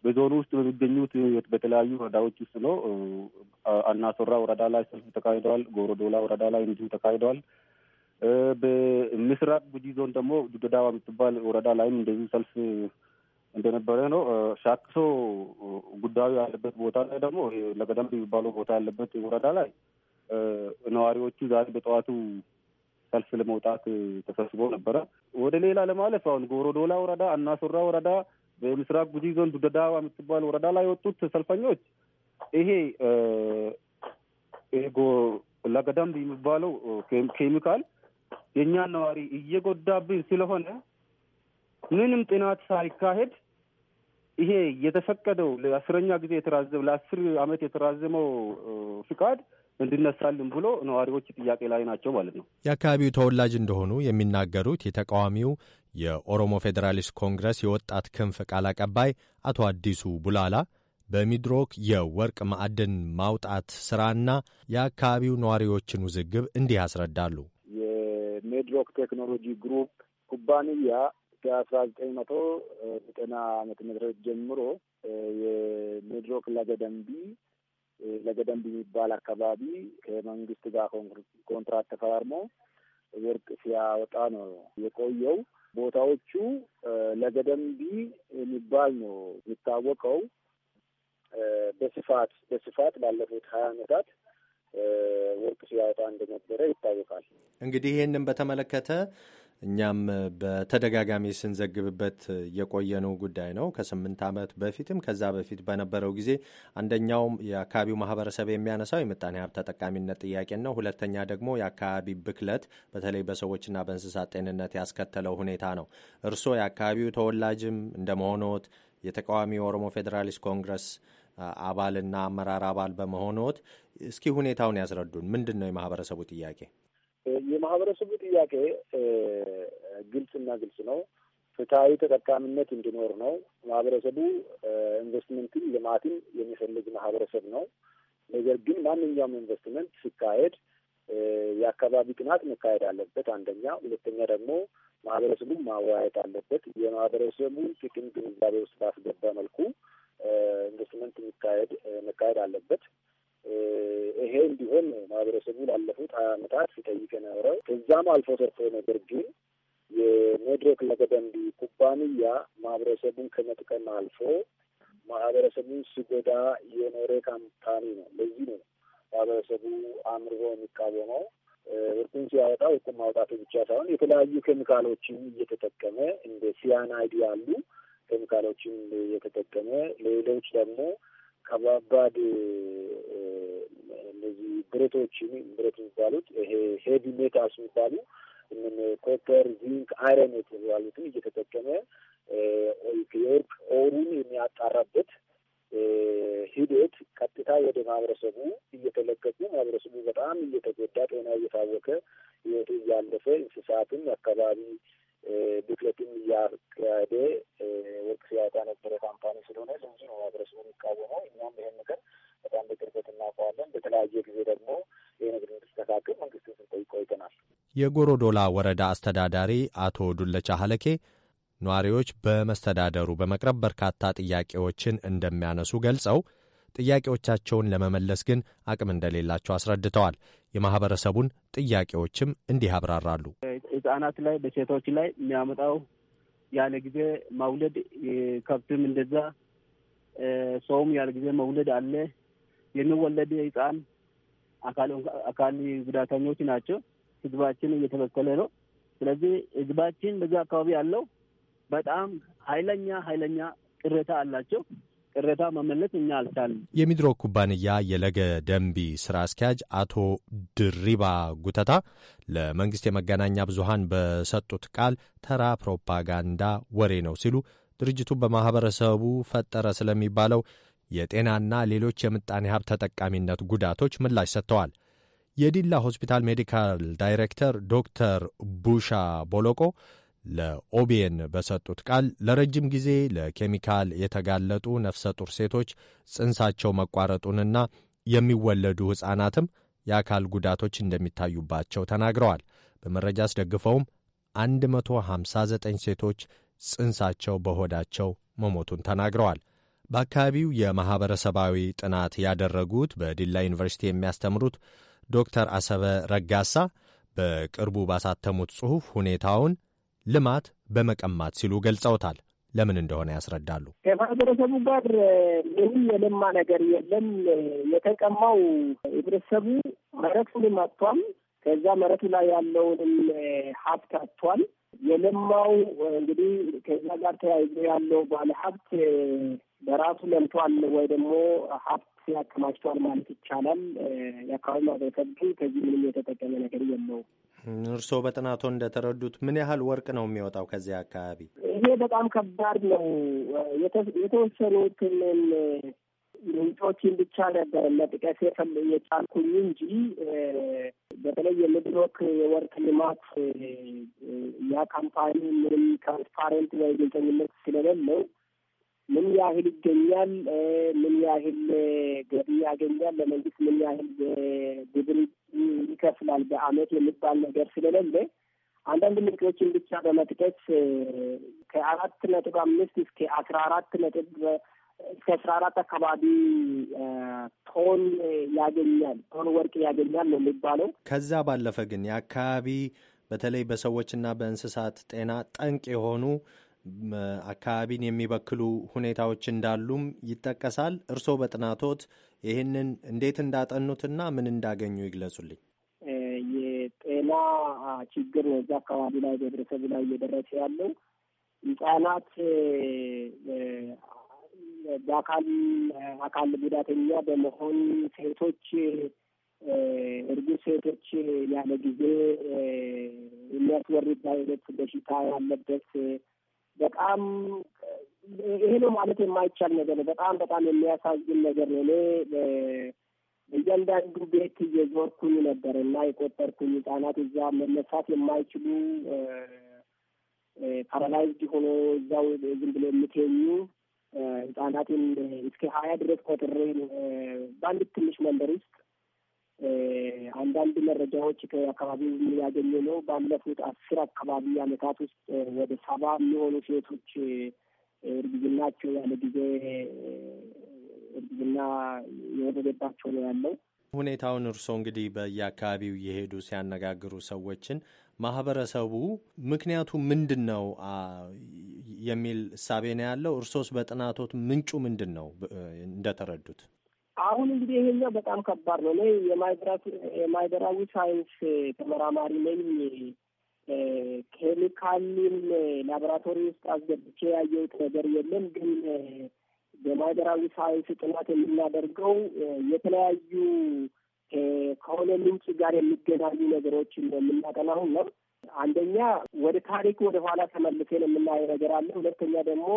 በዞኑ ውስጥ በሚገኙት በተለያዩ ወረዳዎች ውስጥ ነው። አናሶራ ወረዳ ላይ ሰልፍ ተካሂደዋል። ጎሮዶላ ወረዳ ላይ እንዲሁ ተካሂደዋል። በምስራቅ ጉጂ ዞን ደግሞ ዱደዳዋ የምትባል ወረዳ ላይም እንደዚሁ ሰልፍ እንደነበረ ነው። ሻክሶ ጉዳዩ ያለበት ቦታ ላይ ደግሞ ለገደምብ የሚባለው ቦታ ያለበት ወረዳ ላይ ነዋሪዎቹ ዛሬ በጠዋቱ ሰልፍ ለመውጣት ተሰብስበው ነበረ። ወደ ሌላ ለማለፍ አሁን ጎሮዶላ ወረዳ፣ አናሶራ ወረዳ፣ በምስራቅ ጉጂ ዞን ዱደዳ የምትባል ወረዳ ላይ የወጡት ሰልፈኞች ይሄ ለገደምብ የሚባለው ኬሚካል የእኛ ነዋሪ እየጎዳብን ስለሆነ ምንም ጥናት ሳይካሄድ ይሄ የተፈቀደው ለአስረኛ ጊዜ የተራዘመ ለአስር አመት የተራዘመው ፍቃድ እንድነሳልን ብሎ ነዋሪዎች ጥያቄ ላይ ናቸው ማለት ነው። የአካባቢው ተወላጅ እንደሆኑ የሚናገሩት የተቃዋሚው የኦሮሞ ፌዴራሊስት ኮንግረስ የወጣት ክንፍ ቃል አቀባይ አቶ አዲሱ ቡላላ በሚድሮክ የወርቅ ማዕድን ማውጣት ስራና የአካባቢው ነዋሪዎችን ውዝግብ እንዲህ ያስረዳሉ። የሚድሮክ ቴክኖሎጂ ግሩፕ ኩባንያ ከአስራ ዘጠኝ መቶ ዘጠና አመት ምድረት ጀምሮ የሚድሮክ ለገደምቢ ለገደንብ የሚባል አካባቢ ከመንግስት ጋር ኮንትራት ተፈራርሞ ወርቅ ሲያወጣ ነው የቆየው። ቦታዎቹ ለገደንቢ የሚባል ነው የሚታወቀው። በስፋት በስፋት ላለፉት ሀያ ዓመታት ወርቅ ሲያወጣ እንደነበረ ይታወቃል። እንግዲህ ይህንን በተመለከተ እኛም በተደጋጋሚ ስንዘግብበት የቆየነው ጉዳይ ነው። ከስምንት ዓመት በፊትም ከዛ በፊት በነበረው ጊዜ አንደኛውም የአካባቢው ማህበረሰብ የሚያነሳው የምጣኔ ሀብት ተጠቃሚነት ጥያቄን ነው። ሁለተኛ ደግሞ የአካባቢ ብክለት በተለይ በሰዎችና በእንስሳት ጤንነት ያስከተለው ሁኔታ ነው። እርስዎ የአካባቢው ተወላጅም እንደመሆኖት የተቃዋሚ የኦሮሞ ፌዴራሊስት ኮንግረስ አባልና አመራር አባል በመሆኖት እስኪ ሁኔታውን ያስረዱን። ምንድን ነው የማህበረሰቡ ጥያቄ? የማህበረሰቡ ጥያቄ ግልጽና ግልጽ ነው። ፍትሀዊ ተጠቃሚነት እንዲኖር ነው። ማህበረሰቡ ኢንቨስትመንትን፣ ልማትን የሚፈልግ ማህበረሰብ ነው። ነገር ግን ማንኛውም ኢንቨስትመንት ሲካሄድ የአካባቢ ጥናት መካሄድ አለበት አንደኛ። ሁለተኛ ደግሞ ማህበረሰቡ ማወያየት አለበት። የማህበረሰቡን ጥቅም ግንዛቤ ውስጥ ባስገባ መልኩ ኢንቨስትመንት የሚካሄድ መካሄድ አለበት። ይሄ እንዲሆን ማህበረሰቡ ላለፉት ሀያ አመታት ሲጠይቅ የነበረው ከዛም አልፎ ተርፎ ነገር ግን የመድረክ ለገደንቢ ኩባንያ ማህበረሰቡን ከመጥቀም አልፎ ማህበረሰቡን ሲጎዳ የኖረ ካምፓኒ ነው። ለዚህ ነው ማህበረሰቡ አምርሮ የሚቃወመው። እርቁን ሲያወጣ እርቁን ማውጣቱ ብቻ ሳይሆን የተለያዩ ኬሚካሎችን እየተጠቀመ እንደ ሲያናይድ ያሉ ኬሚካሎችን እየተጠቀመ ሌሎች ደግሞ ከባባድ እነዚህ ብረቶች ብረት የሚባሉት ይሄ ሄቪ ሜታልስ የሚባሉ ምን ኮፐር፣ ዚንክ፣ አይረን የተባሉትን እየተጠቀመ የወርቅ ኦሩን የሚያጣራበት ሂደት ቀጥታ ወደ ማህበረሰቡ እየተለቀቁ ማህበረሰቡ በጣም እየተጎዳ ጤና እየታወቀ ህይወቱ እያለፈ እንስሳትም አካባቢ ብክለትም እያካሄደ ወርቅ ሲያወጣ ነበረ ካምፓኒ ስለሆነ ስለዚህ ነው ማህበረሰቡ የሚቃወመው። እኛም ይሄን ነገር በጣም በቅርበት እናውቀዋለን። በተለያየ ጊዜ ደግሞ ይህ ነገር እንዲስተካከል መንግስትን ስንጠይቅ ቆይተናል። የጎሮዶላ ወረዳ አስተዳዳሪ አቶ ዱለቻ ሀለኬ ነዋሪዎች በመስተዳደሩ በመቅረብ በርካታ ጥያቄዎችን እንደሚያነሱ ገልጸው ጥያቄዎቻቸውን ለመመለስ ግን አቅም እንደሌላቸው አስረድተዋል። የማህበረሰቡን ጥያቄዎችም እንዲህ ያብራራሉ። ህጻናት ላይ በሴቶች ላይ የሚያመጣው ያለ ጊዜ መውለድ፣ ከብትም እንደዛ ሰውም ያለ ጊዜ መውለድ አለ። የሚወለድ ህጻን አካል ጉዳተኞች ናቸው። ህዝባችን እየተበከለ ነው። ስለዚህ ህዝባችን በዚህ አካባቢ ያለው በጣም ኃይለኛ ኃይለኛ ቅሬታ አላቸው። ቅሬታ መመለስ እኛ አልቻልም። የሚድሮክ ኩባንያ የለገ ደንቢ ስራ አስኪያጅ አቶ ድሪባ ጉተታ ለመንግስት የመገናኛ ብዙሃን በሰጡት ቃል ተራ ፕሮፓጋንዳ ወሬ ነው ሲሉ ድርጅቱ በማህበረሰቡ ፈጠረ ስለሚባለው የጤናና ሌሎች የምጣኔ ሀብት ተጠቃሚነት ጉዳቶች ምላሽ ሰጥተዋል። የዲላ ሆስፒታል ሜዲካል ዳይሬክተር ዶክተር ቡሻ ቦሎቆ ለኦቢኤን በሰጡት ቃል ለረጅም ጊዜ ለኬሚካል የተጋለጡ ነፍሰ ጡር ሴቶች ጽንሳቸው መቋረጡንና የሚወለዱ ሕፃናትም የአካል ጉዳቶች እንደሚታዩባቸው ተናግረዋል። በመረጃ አስደግፈውም 159 ሴቶች ጽንሳቸው በሆዳቸው መሞቱን ተናግረዋል። በአካባቢው የማኅበረሰባዊ ጥናት ያደረጉት በዲላ ዩኒቨርሲቲ የሚያስተምሩት ዶክተር አሰበ ረጋሳ በቅርቡ ባሳተሙት ጽሑፍ ሁኔታውን ልማት በመቀማት ሲሉ ገልጸውታል። ለምን እንደሆነ ያስረዳሉ። ከማህበረሰቡ ጋር ምንም የለማ ነገር የለም። የተቀማው ህብረተሰቡ መሬቱንም አጥቷል። ከዛ መሬቱ ላይ ያለውንም ሀብት አጥቷል። የለማው እንግዲህ ከዛ ጋር ተያይዞ ያለው ባለ ሀብት በራሱ ለምቷል ወይ ደግሞ ሀብት ያከማችቷል ማለት ይቻላል። የአካባቢ ማህበረሰብ ግን ከዚህ ምንም የተጠቀመ ነገር የለውም። እርስዎ በጥናቶ እንደተረዱት ምን ያህል ወርቅ ነው የሚወጣው ከዚያ አካባቢ? ይሄ በጣም ከባድ ነው። የተወሰኑትን ምንጮችን ብቻ ነበር መጥቀስ የቻልኩኝ እንጂ በተለይ የምድሮክ የወርቅ ልማት ያ ካምፓኒ ምንም ትራንስፓረንት ወይ ግልጠኝነት ስለሌለው ምን ያህል ይገኛል፣ ምን ያህል ገቢ ያገኛል፣ ለመንግስት ምን ያህል ግብር ይከፍላል በአመት የሚባል ነገር ስለሌለ አንዳንድ ምንጮችን ብቻ በመጥቀስ ከአራት ነጥብ አምስት እስከ አስራ አራት ነጥብ እስከ አስራ አራት አካባቢ ቶን ያገኛል ቶን ወርቅ ያገኛል ነው የሚባለው። ከዛ ባለፈ ግን የአካባቢ በተለይ በሰዎችና በእንስሳት ጤና ጠንቅ የሆኑ አካባቢን የሚበክሉ ሁኔታዎች እንዳሉም ይጠቀሳል። እርስዎ በጥናቶት ይህንን እንዴት እንዳጠኑትና ምን እንዳገኙ ይግለጹልኝ። የጤና ችግር ነው አካባቢ ላይ በህብረተሰቡ ላይ እየደረሰ ያለው ህጻናት በአካል አካል ጉዳተኛ በመሆን ሴቶች እርጉዝ ሴቶች ያለ ጊዜ የሚያስወርድ አይነት በሽታ ያለበት በጣም ይሄ ነው ማለት የማይቻል ነገር ነው። በጣም በጣም የሚያሳዝን ነገር ነው። እኔ እያንዳንዱ ቤት እየዞርኩኝ ነበር እና የቆጠርኩኝ ህጻናት እዛ መነሳት የማይችሉ ፓራላይዝድ ሆኖ እዛው ዝም ብሎ የምትኙ ህጻናትን እስከ ሀያ ድረስ ቆጥሬ በአንድ ትንሽ መንበር ውስጥ አንዳንድ መረጃዎች ከአካባቢው ያገኘ ነው። ባለፉት አስር አካባቢ አመታት ውስጥ ወደ ሰባ የሚሆኑ ሴቶች እርግዝናቸው ያለ ጊዜ እርግዝና የወረደባቸው ነው ያለው። ሁኔታውን እርስዎ እንግዲህ በየአካባቢው እየሄዱ ሲያነጋግሩ ሰዎችን ማህበረሰቡ ምክንያቱ ምንድን ነው የሚል እሳቤ ነው ያለው። እርሶስ በጥናቶት ምንጩ ምንድን ነው እንደተረዱት? አሁን እንግዲህ ይሄኛው በጣም ከባድ ነው። እኔ የማህበራዊ ሳይንስ ተመራማሪ ነኝ። ኬሚካልን ላቦራቶሪ ውስጥ አስገብቼ ያየሁት ነገር የለም። ግን የማህበራዊ ሳይንስ ጥናት የምናደርገው የተለያዩ ከሆነ ምንጭ ጋር የሚገናኙ ነገሮችን የምናጠናው ነው። አንደኛ ወደ ታሪክ ወደ ኋላ ተመልሰን የምናየው ነገር አለ። ሁለተኛ ደግሞ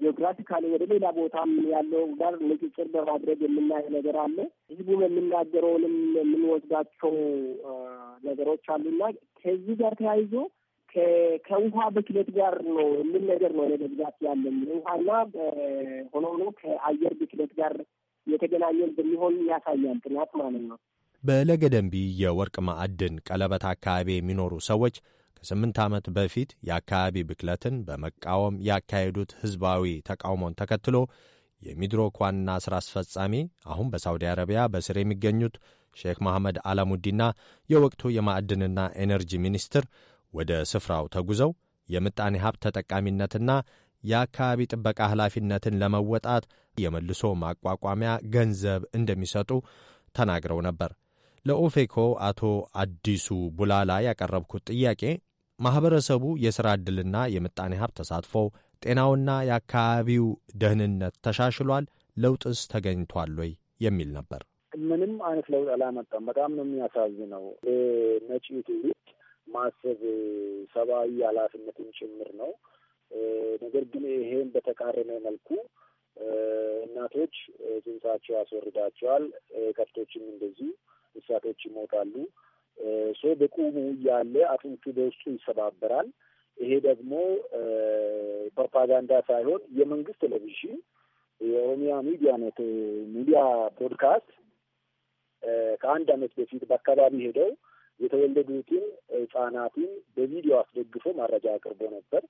ጂኦግራፊካሊ ወደ ሌላ ቦታም ያለው ጋር ንግግር በማድረግ የምናየው ነገር አለ። ህዝቡም የምናገረውንም የምንወስዳቸው ነገሮች አሉና ከዚህ ጋር ተያይዞ ከውሃ ብክለት ጋር ነው የሚል ነገር ነው በብዛት ያለን ውሃና ሆኖ ሆኖ ከአየር ብክለት ጋር የተገናኘን በሚሆን ያሳያል ጥናት ማለት ነው። በለገደንቢ የወርቅ ማዕድን ቀለበት አካባቢ የሚኖሩ ሰዎች ከስምንት ዓመት በፊት የአካባቢ ብክለትን በመቃወም ያካሄዱት ሕዝባዊ ተቃውሞን ተከትሎ የሚድሮክ ዋና ሥራ አስፈጻሚ አሁን በሳውዲ አረቢያ በስር የሚገኙት ሼክ መሐመድ አላሙዲና የወቅቱ የማዕድንና ኤነርጂ ሚኒስትር ወደ ስፍራው ተጉዘው የምጣኔ ሀብት ተጠቃሚነትና የአካባቢ ጥበቃ ኃላፊነትን ለመወጣት የመልሶ ማቋቋሚያ ገንዘብ እንደሚሰጡ ተናግረው ነበር። ለኦፌኮ አቶ አዲሱ ቡላላ ያቀረብኩት ጥያቄ ማኅበረሰቡ የሥራ ዕድልና የምጣኔ ሀብት ተሳትፎው፣ ጤናውና የአካባቢው ደህንነት ተሻሽሏል፣ ለውጥስ ተገኝቷል ወይ የሚል ነበር። ምንም አይነት ለውጥ አላመጣም። በጣም ነው የሚያሳዝነው። መጪው ትውልድ ማሰብ ሰብአዊ ኃላፊነትን ጭምር ነው። ነገር ግን ይሄን በተቃረነ መልኩ እናቶች ጽንሳቸው ያስወርዳቸዋል፣ ከብቶችም እንደዚሁ እንስሳቶች ይሞታሉ። ሰው በቁሙ እያለ አጥንቱ በውስጡ ይሰባበራል። ይሄ ደግሞ ፕሮፓጋንዳ ሳይሆን የመንግስት ቴሌቪዥን የኦሮሚያ ሚዲያ ነት ሚዲያ ብሮድካስት ከአንድ አመት በፊት በአካባቢ ሄደው የተወለዱትን ህጻናትን በቪዲዮ አስደግፎ ማረጃ አቅርቦ ነበር።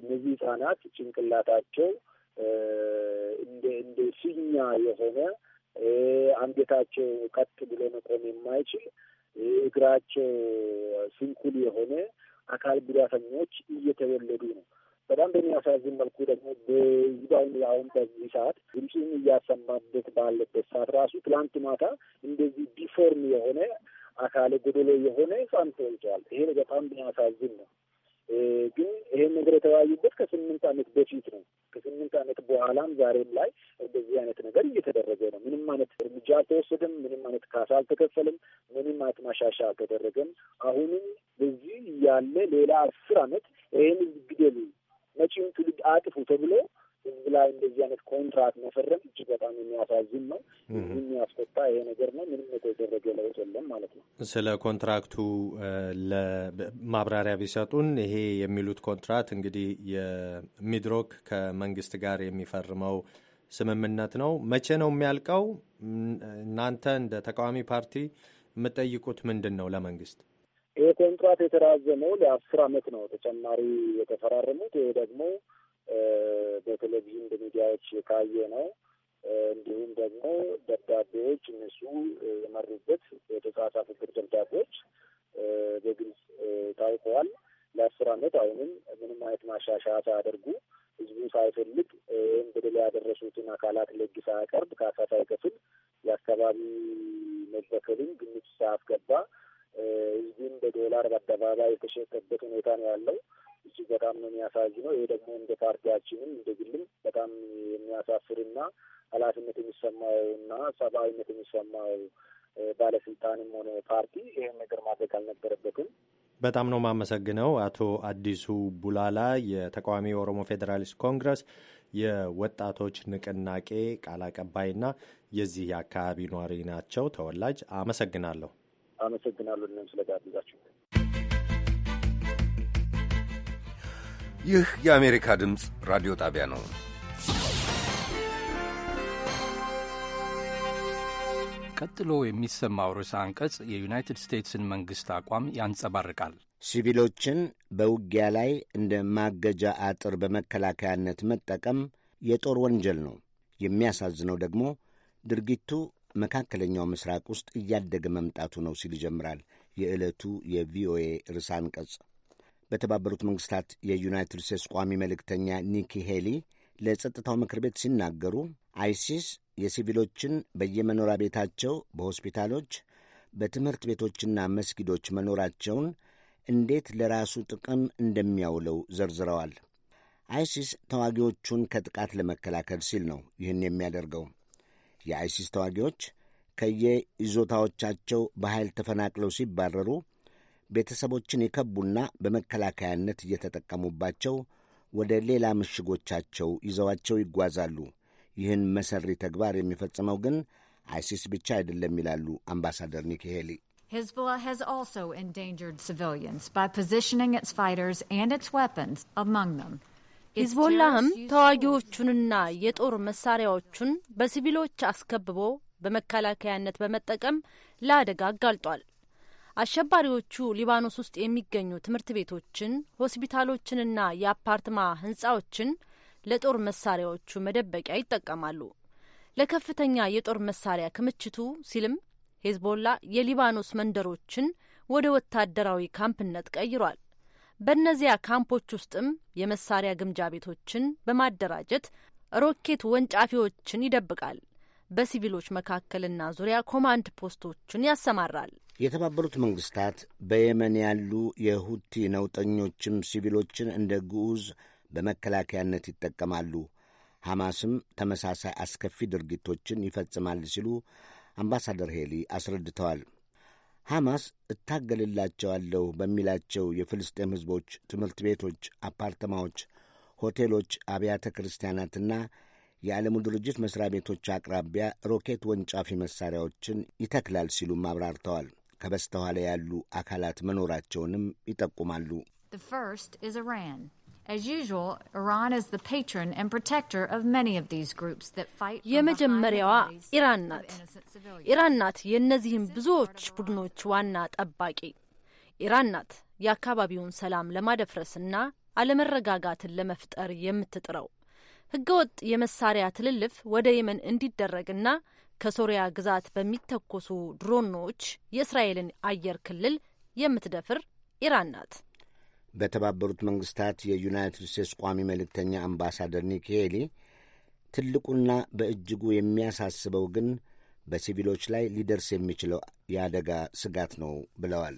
እነዚህ ህጻናት ጭንቅላታቸው እንደ እንደ ፊኛ የሆነ አንገታቸው ቀጥ ብሎ መቆም የማይችል እግራቸው ስንኩል የሆነ አካል ጉዳተኞች እየተወለዱ ነው። በጣም በሚያሳዝን መልኩ ደግሞ በህዝባዊ አሁን በዚህ ሰዓት ድምፁን እያሰማበት ባለበት ሰዓት ራሱ ትላንት ማታ እንደዚህ ዲፎርም የሆነ አካል ጎደሎ የሆነ ህፃን ተወልደዋል። ይሄ በጣም የሚያሳዝን ነው። ግን ይሄን ነገር የተወያዩበት ከስምንት ዓመት በፊት ነው። ከስምንት ዓመት በኋላም ዛሬም ላይ እንደዚህ አይነት ነገር እየተደረገ ነው። ምንም አይነት እርምጃ አልተወሰደም። ምንም አይነት ካሳ አልተከፈልም። ምንም አይነት ማሻሻ አልተደረገም። አሁንም በዚህ ያለ ሌላ አስር ዓመት ይህን ግደሉ፣ መጪውን ትውልድ አጥፉ ተብሎ ህዝብ ላይ እንደዚህ አይነት ኮንትራት መፈረም እጅግ በጣም የሚያሳዝን ነው። የሚያስቆጣ ይሄ ነገር ነው። ምንም የተደረገ ለውጥ የለም ማለት ነው። ስለ ኮንትራክቱ ማብራሪያ ቢሰጡን። ይሄ የሚሉት ኮንትራት እንግዲህ የሚድሮክ ከመንግስት ጋር የሚፈርመው ስምምነት ነው። መቼ ነው የሚያልቀው? እናንተ እንደ ተቃዋሚ ፓርቲ የምጠይቁት ምንድን ነው ለመንግስት? ይሄ ኮንትራት የተራዘመው ለአስር አመት ነው ተጨማሪ የተፈራረሙት። ይሄ ደግሞ በቴሌቪዥን በሚዲያዎች የታየ ነው። እንዲሁም ደግሞ ደብዳቤዎች እነሱ የመሩበት የተጻጻፉበት ደብዳቤዎች በግልጽ ታውቀዋል። ለአስር አመት አሁንም ምንም አይነት ማሻሻያ ሳያደርጉ ህዝቡ ሳይፈልግ ወይም በደል ያደረሱትን አካላት ለግ ሳያቀርብ ካሳ ሳይከፍል የአካባቢ መበከልን ግምት ሳያስገባ ህዝቡን በዶላር በአደባባይ የተሸጠበት ሁኔታ ነው ያለው። እጅግ በጣም ነው የሚያሳዝነው። ይሄ ደግሞ እንደ ፓርቲያችንም እንደ ግልም በጣም የሚያሳፍርና ኃላፊነት የሚሰማውና ሰብአዊነት የሚሰማው ባለስልጣንም ሆነ ፓርቲ ይህን ነገር ማድረግ አልነበረበትም። በጣም ነው የማመሰግነው አቶ አዲሱ ቡላላ የተቃዋሚ ኦሮሞ ፌዴራሊስት ኮንግረስ የወጣቶች ንቅናቄ ቃል አቀባይና የዚህ የአካባቢ ኗሪ ናቸው ተወላጅ። አመሰግናለሁ። አመሰግናለሁ እኔም ስለጋብዛችሁ። ይህ የአሜሪካ ድምፅ ራዲዮ ጣቢያ ነው። ቀጥሎ የሚሰማው ርዕሰ አንቀጽ የዩናይትድ ስቴትስን መንግሥት አቋም ያንጸባርቃል። ሲቪሎችን በውጊያ ላይ እንደ ማገጃ አጥር በመከላከያነት መጠቀም የጦር ወንጀል ነው። የሚያሳዝነው ደግሞ ድርጊቱ መካከለኛው ምስራቅ ውስጥ እያደገ መምጣቱ ነው ሲል ይጀምራል የዕለቱ የቪኦኤ ርዕሰ አንቀጽ። በተባበሩት መንግስታት የዩናይትድ ስቴትስ ቋሚ መልእክተኛ ኒኪ ሄሊ ለጸጥታው ምክር ቤት ሲናገሩ አይሲስ የሲቪሎችን በየመኖሪያ ቤታቸው፣ በሆስፒታሎች፣ በትምህርት ቤቶችና መስጊዶች መኖራቸውን እንዴት ለራሱ ጥቅም እንደሚያውለው ዘርዝረዋል። አይሲስ ተዋጊዎቹን ከጥቃት ለመከላከል ሲል ነው ይህን የሚያደርገው። የአይሲስ ተዋጊዎች ከየይዞታዎቻቸው በኃይል ተፈናቅለው ሲባረሩ ቤተሰቦችን የከቡና በመከላከያነት እየተጠቀሙባቸው ወደ ሌላ ምሽጎቻቸው ይዘዋቸው ይጓዛሉ። ይህን መሰሪ ተግባር የሚፈጽመው ግን አይሲስ ብቻ አይደለም ይላሉ አምባሳደር ኒኪ ሄሊ። ሂዝቦላህም ተዋጊዎቹንና የጦር መሳሪያዎቹን በሲቪሎች አስከብቦ በመከላከያነት በመጠቀም ለአደጋ አጋልጧል። አሸባሪዎቹ ሊባኖስ ውስጥ የሚገኙ ትምህርት ቤቶችን፣ ሆስፒታሎችንና የአፓርትማ ህንጻዎችን ለጦር መሳሪያዎቹ መደበቂያ ይጠቀማሉ። ለከፍተኛ የጦር መሳሪያ ክምችቱ ሲልም ሄዝቦላ የሊባኖስ መንደሮችን ወደ ወታደራዊ ካምፕነት ቀይሯል። በእነዚያ ካምፖች ውስጥም የመሳሪያ ግምጃ ቤቶችን በማደራጀት ሮኬት ወንጫፊዎችን ይደብቃል። በሲቪሎች መካከልና ዙሪያ ኮማንድ ፖስቶችን ያሰማራል። የተባበሩት መንግሥታት በየመን ያሉ የሁቲ ነውጠኞችም ሲቪሎችን እንደ ግዑዝ በመከላከያነት ይጠቀማሉ፣ ሐማስም ተመሳሳይ አስከፊ ድርጊቶችን ይፈጽማል ሲሉ አምባሳደር ሄሊ አስረድተዋል። ሐማስ እታገልላቸዋለሁ በሚላቸው የፍልስጤም ሕዝቦች ትምህርት ቤቶች፣ አፓርተማዎች፣ ሆቴሎች፣ አብያተ ክርስቲያናትና የዓለሙ ድርጅት መሥሪያ ቤቶች አቅራቢያ ሮኬት ወንጫፊ መሣሪያዎችን ይተክላል ሲሉም አብራርተዋል። ከበስተኋላ ያሉ አካላት መኖራቸውንም ይጠቁማሉ። የመጀመሪያዋ ኢራን ናት። ኢራን ናት የእነዚህም ብዙዎች ቡድኖች ዋና ጠባቂ። ኢራን ናት የአካባቢውን ሰላም ለማደፍረስና አለመረጋጋትን ለመፍጠር የምትጥረው። ህገወጥ የመሳሪያ ትልልፍ ወደ የመን እንዲደረግና ከሶሪያ ግዛት በሚተኮሱ ድሮኖች የእስራኤልን አየር ክልል የምትደፍር ኢራን ናት። በተባበሩት መንግስታት የዩናይትድ ስቴትስ ቋሚ መልእክተኛ አምባሳደር ኒክ ሄሊ ትልቁና በእጅጉ የሚያሳስበው ግን በሲቪሎች ላይ ሊደርስ የሚችለው የአደጋ ስጋት ነው ብለዋል።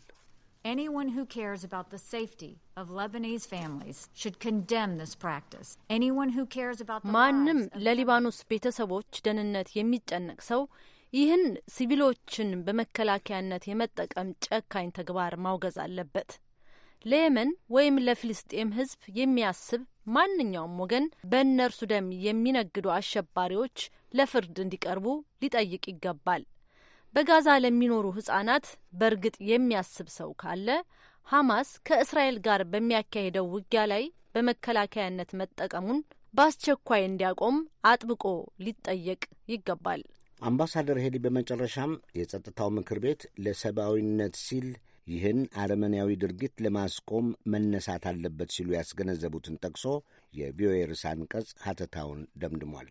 Anyone who cares about the safety of Lebanese families should condemn this practice. Anyone who cares about the ማንም ለሊባኖስ ቤተሰቦች ደህንነት የሚጨነቅ ሰው ይህን ሲቪሎችን በመከላከያነት የመጠቀም ጨካኝ ተግባር ማውገዝ አለበት። ለየመን ወይም ለፊልስጤም ሕዝብ የሚያስብ ማንኛውም ወገን በእነርሱ ደም የሚነግዱ አሸባሪዎች ለፍርድ እንዲቀርቡ ሊጠይቅ ይገባል። በጋዛ ለሚኖሩ ህጻናት በእርግጥ የሚያስብ ሰው ካለ ሐማስ ከእስራኤል ጋር በሚያካሄደው ውጊያ ላይ በመከላከያነት መጠቀሙን በአስቸኳይ እንዲያቆም አጥብቆ ሊጠየቅ ይገባል። አምባሳደር ሄሊ በመጨረሻም የጸጥታው ምክር ቤት ለሰብአዊነት ሲል ይህን አረመኔያዊ ድርጊት ለማስቆም መነሳት አለበት ሲሉ ያስገነዘቡትን ጠቅሶ የቪኦኤ ርዕሰ አንቀጽ ሀተታውን ደምድሟል።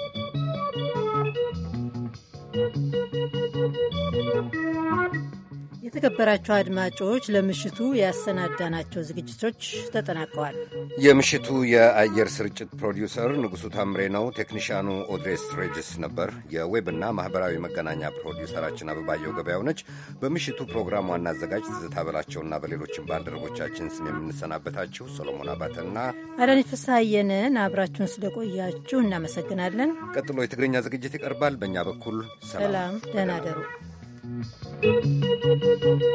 የተከበራቸው አድማጮች ለምሽቱ ያሰናዳናቸው ዝግጅቶች ተጠናቀዋል። የምሽቱ የአየር ስርጭት ፕሮዲውሰር ንጉሱ ታምሬ ነው። ቴክኒሽያኑ ኦድሬስ ሬጅስ ነበር። የዌብና ማኅበራዊ መገናኛ ፕሮዲውሰራችን አበባየው ገበያው ነች። በምሽቱ ፕሮግራም ዋና አዘጋጅ ትዝታ በላቸውና በሌሎችን ባልደረቦቻችን ስም የምንሰናበታችሁ ሶሎሞን አባተና አዳነች ፍስሐየንን አብራችሁን ስለቆያችሁ እናመሰግናለን። ቀጥሎ የትግርኛ ዝግጅት ይቀርባል። በእኛ በኩል ሰላም፣ ደህና ደሩ። Thank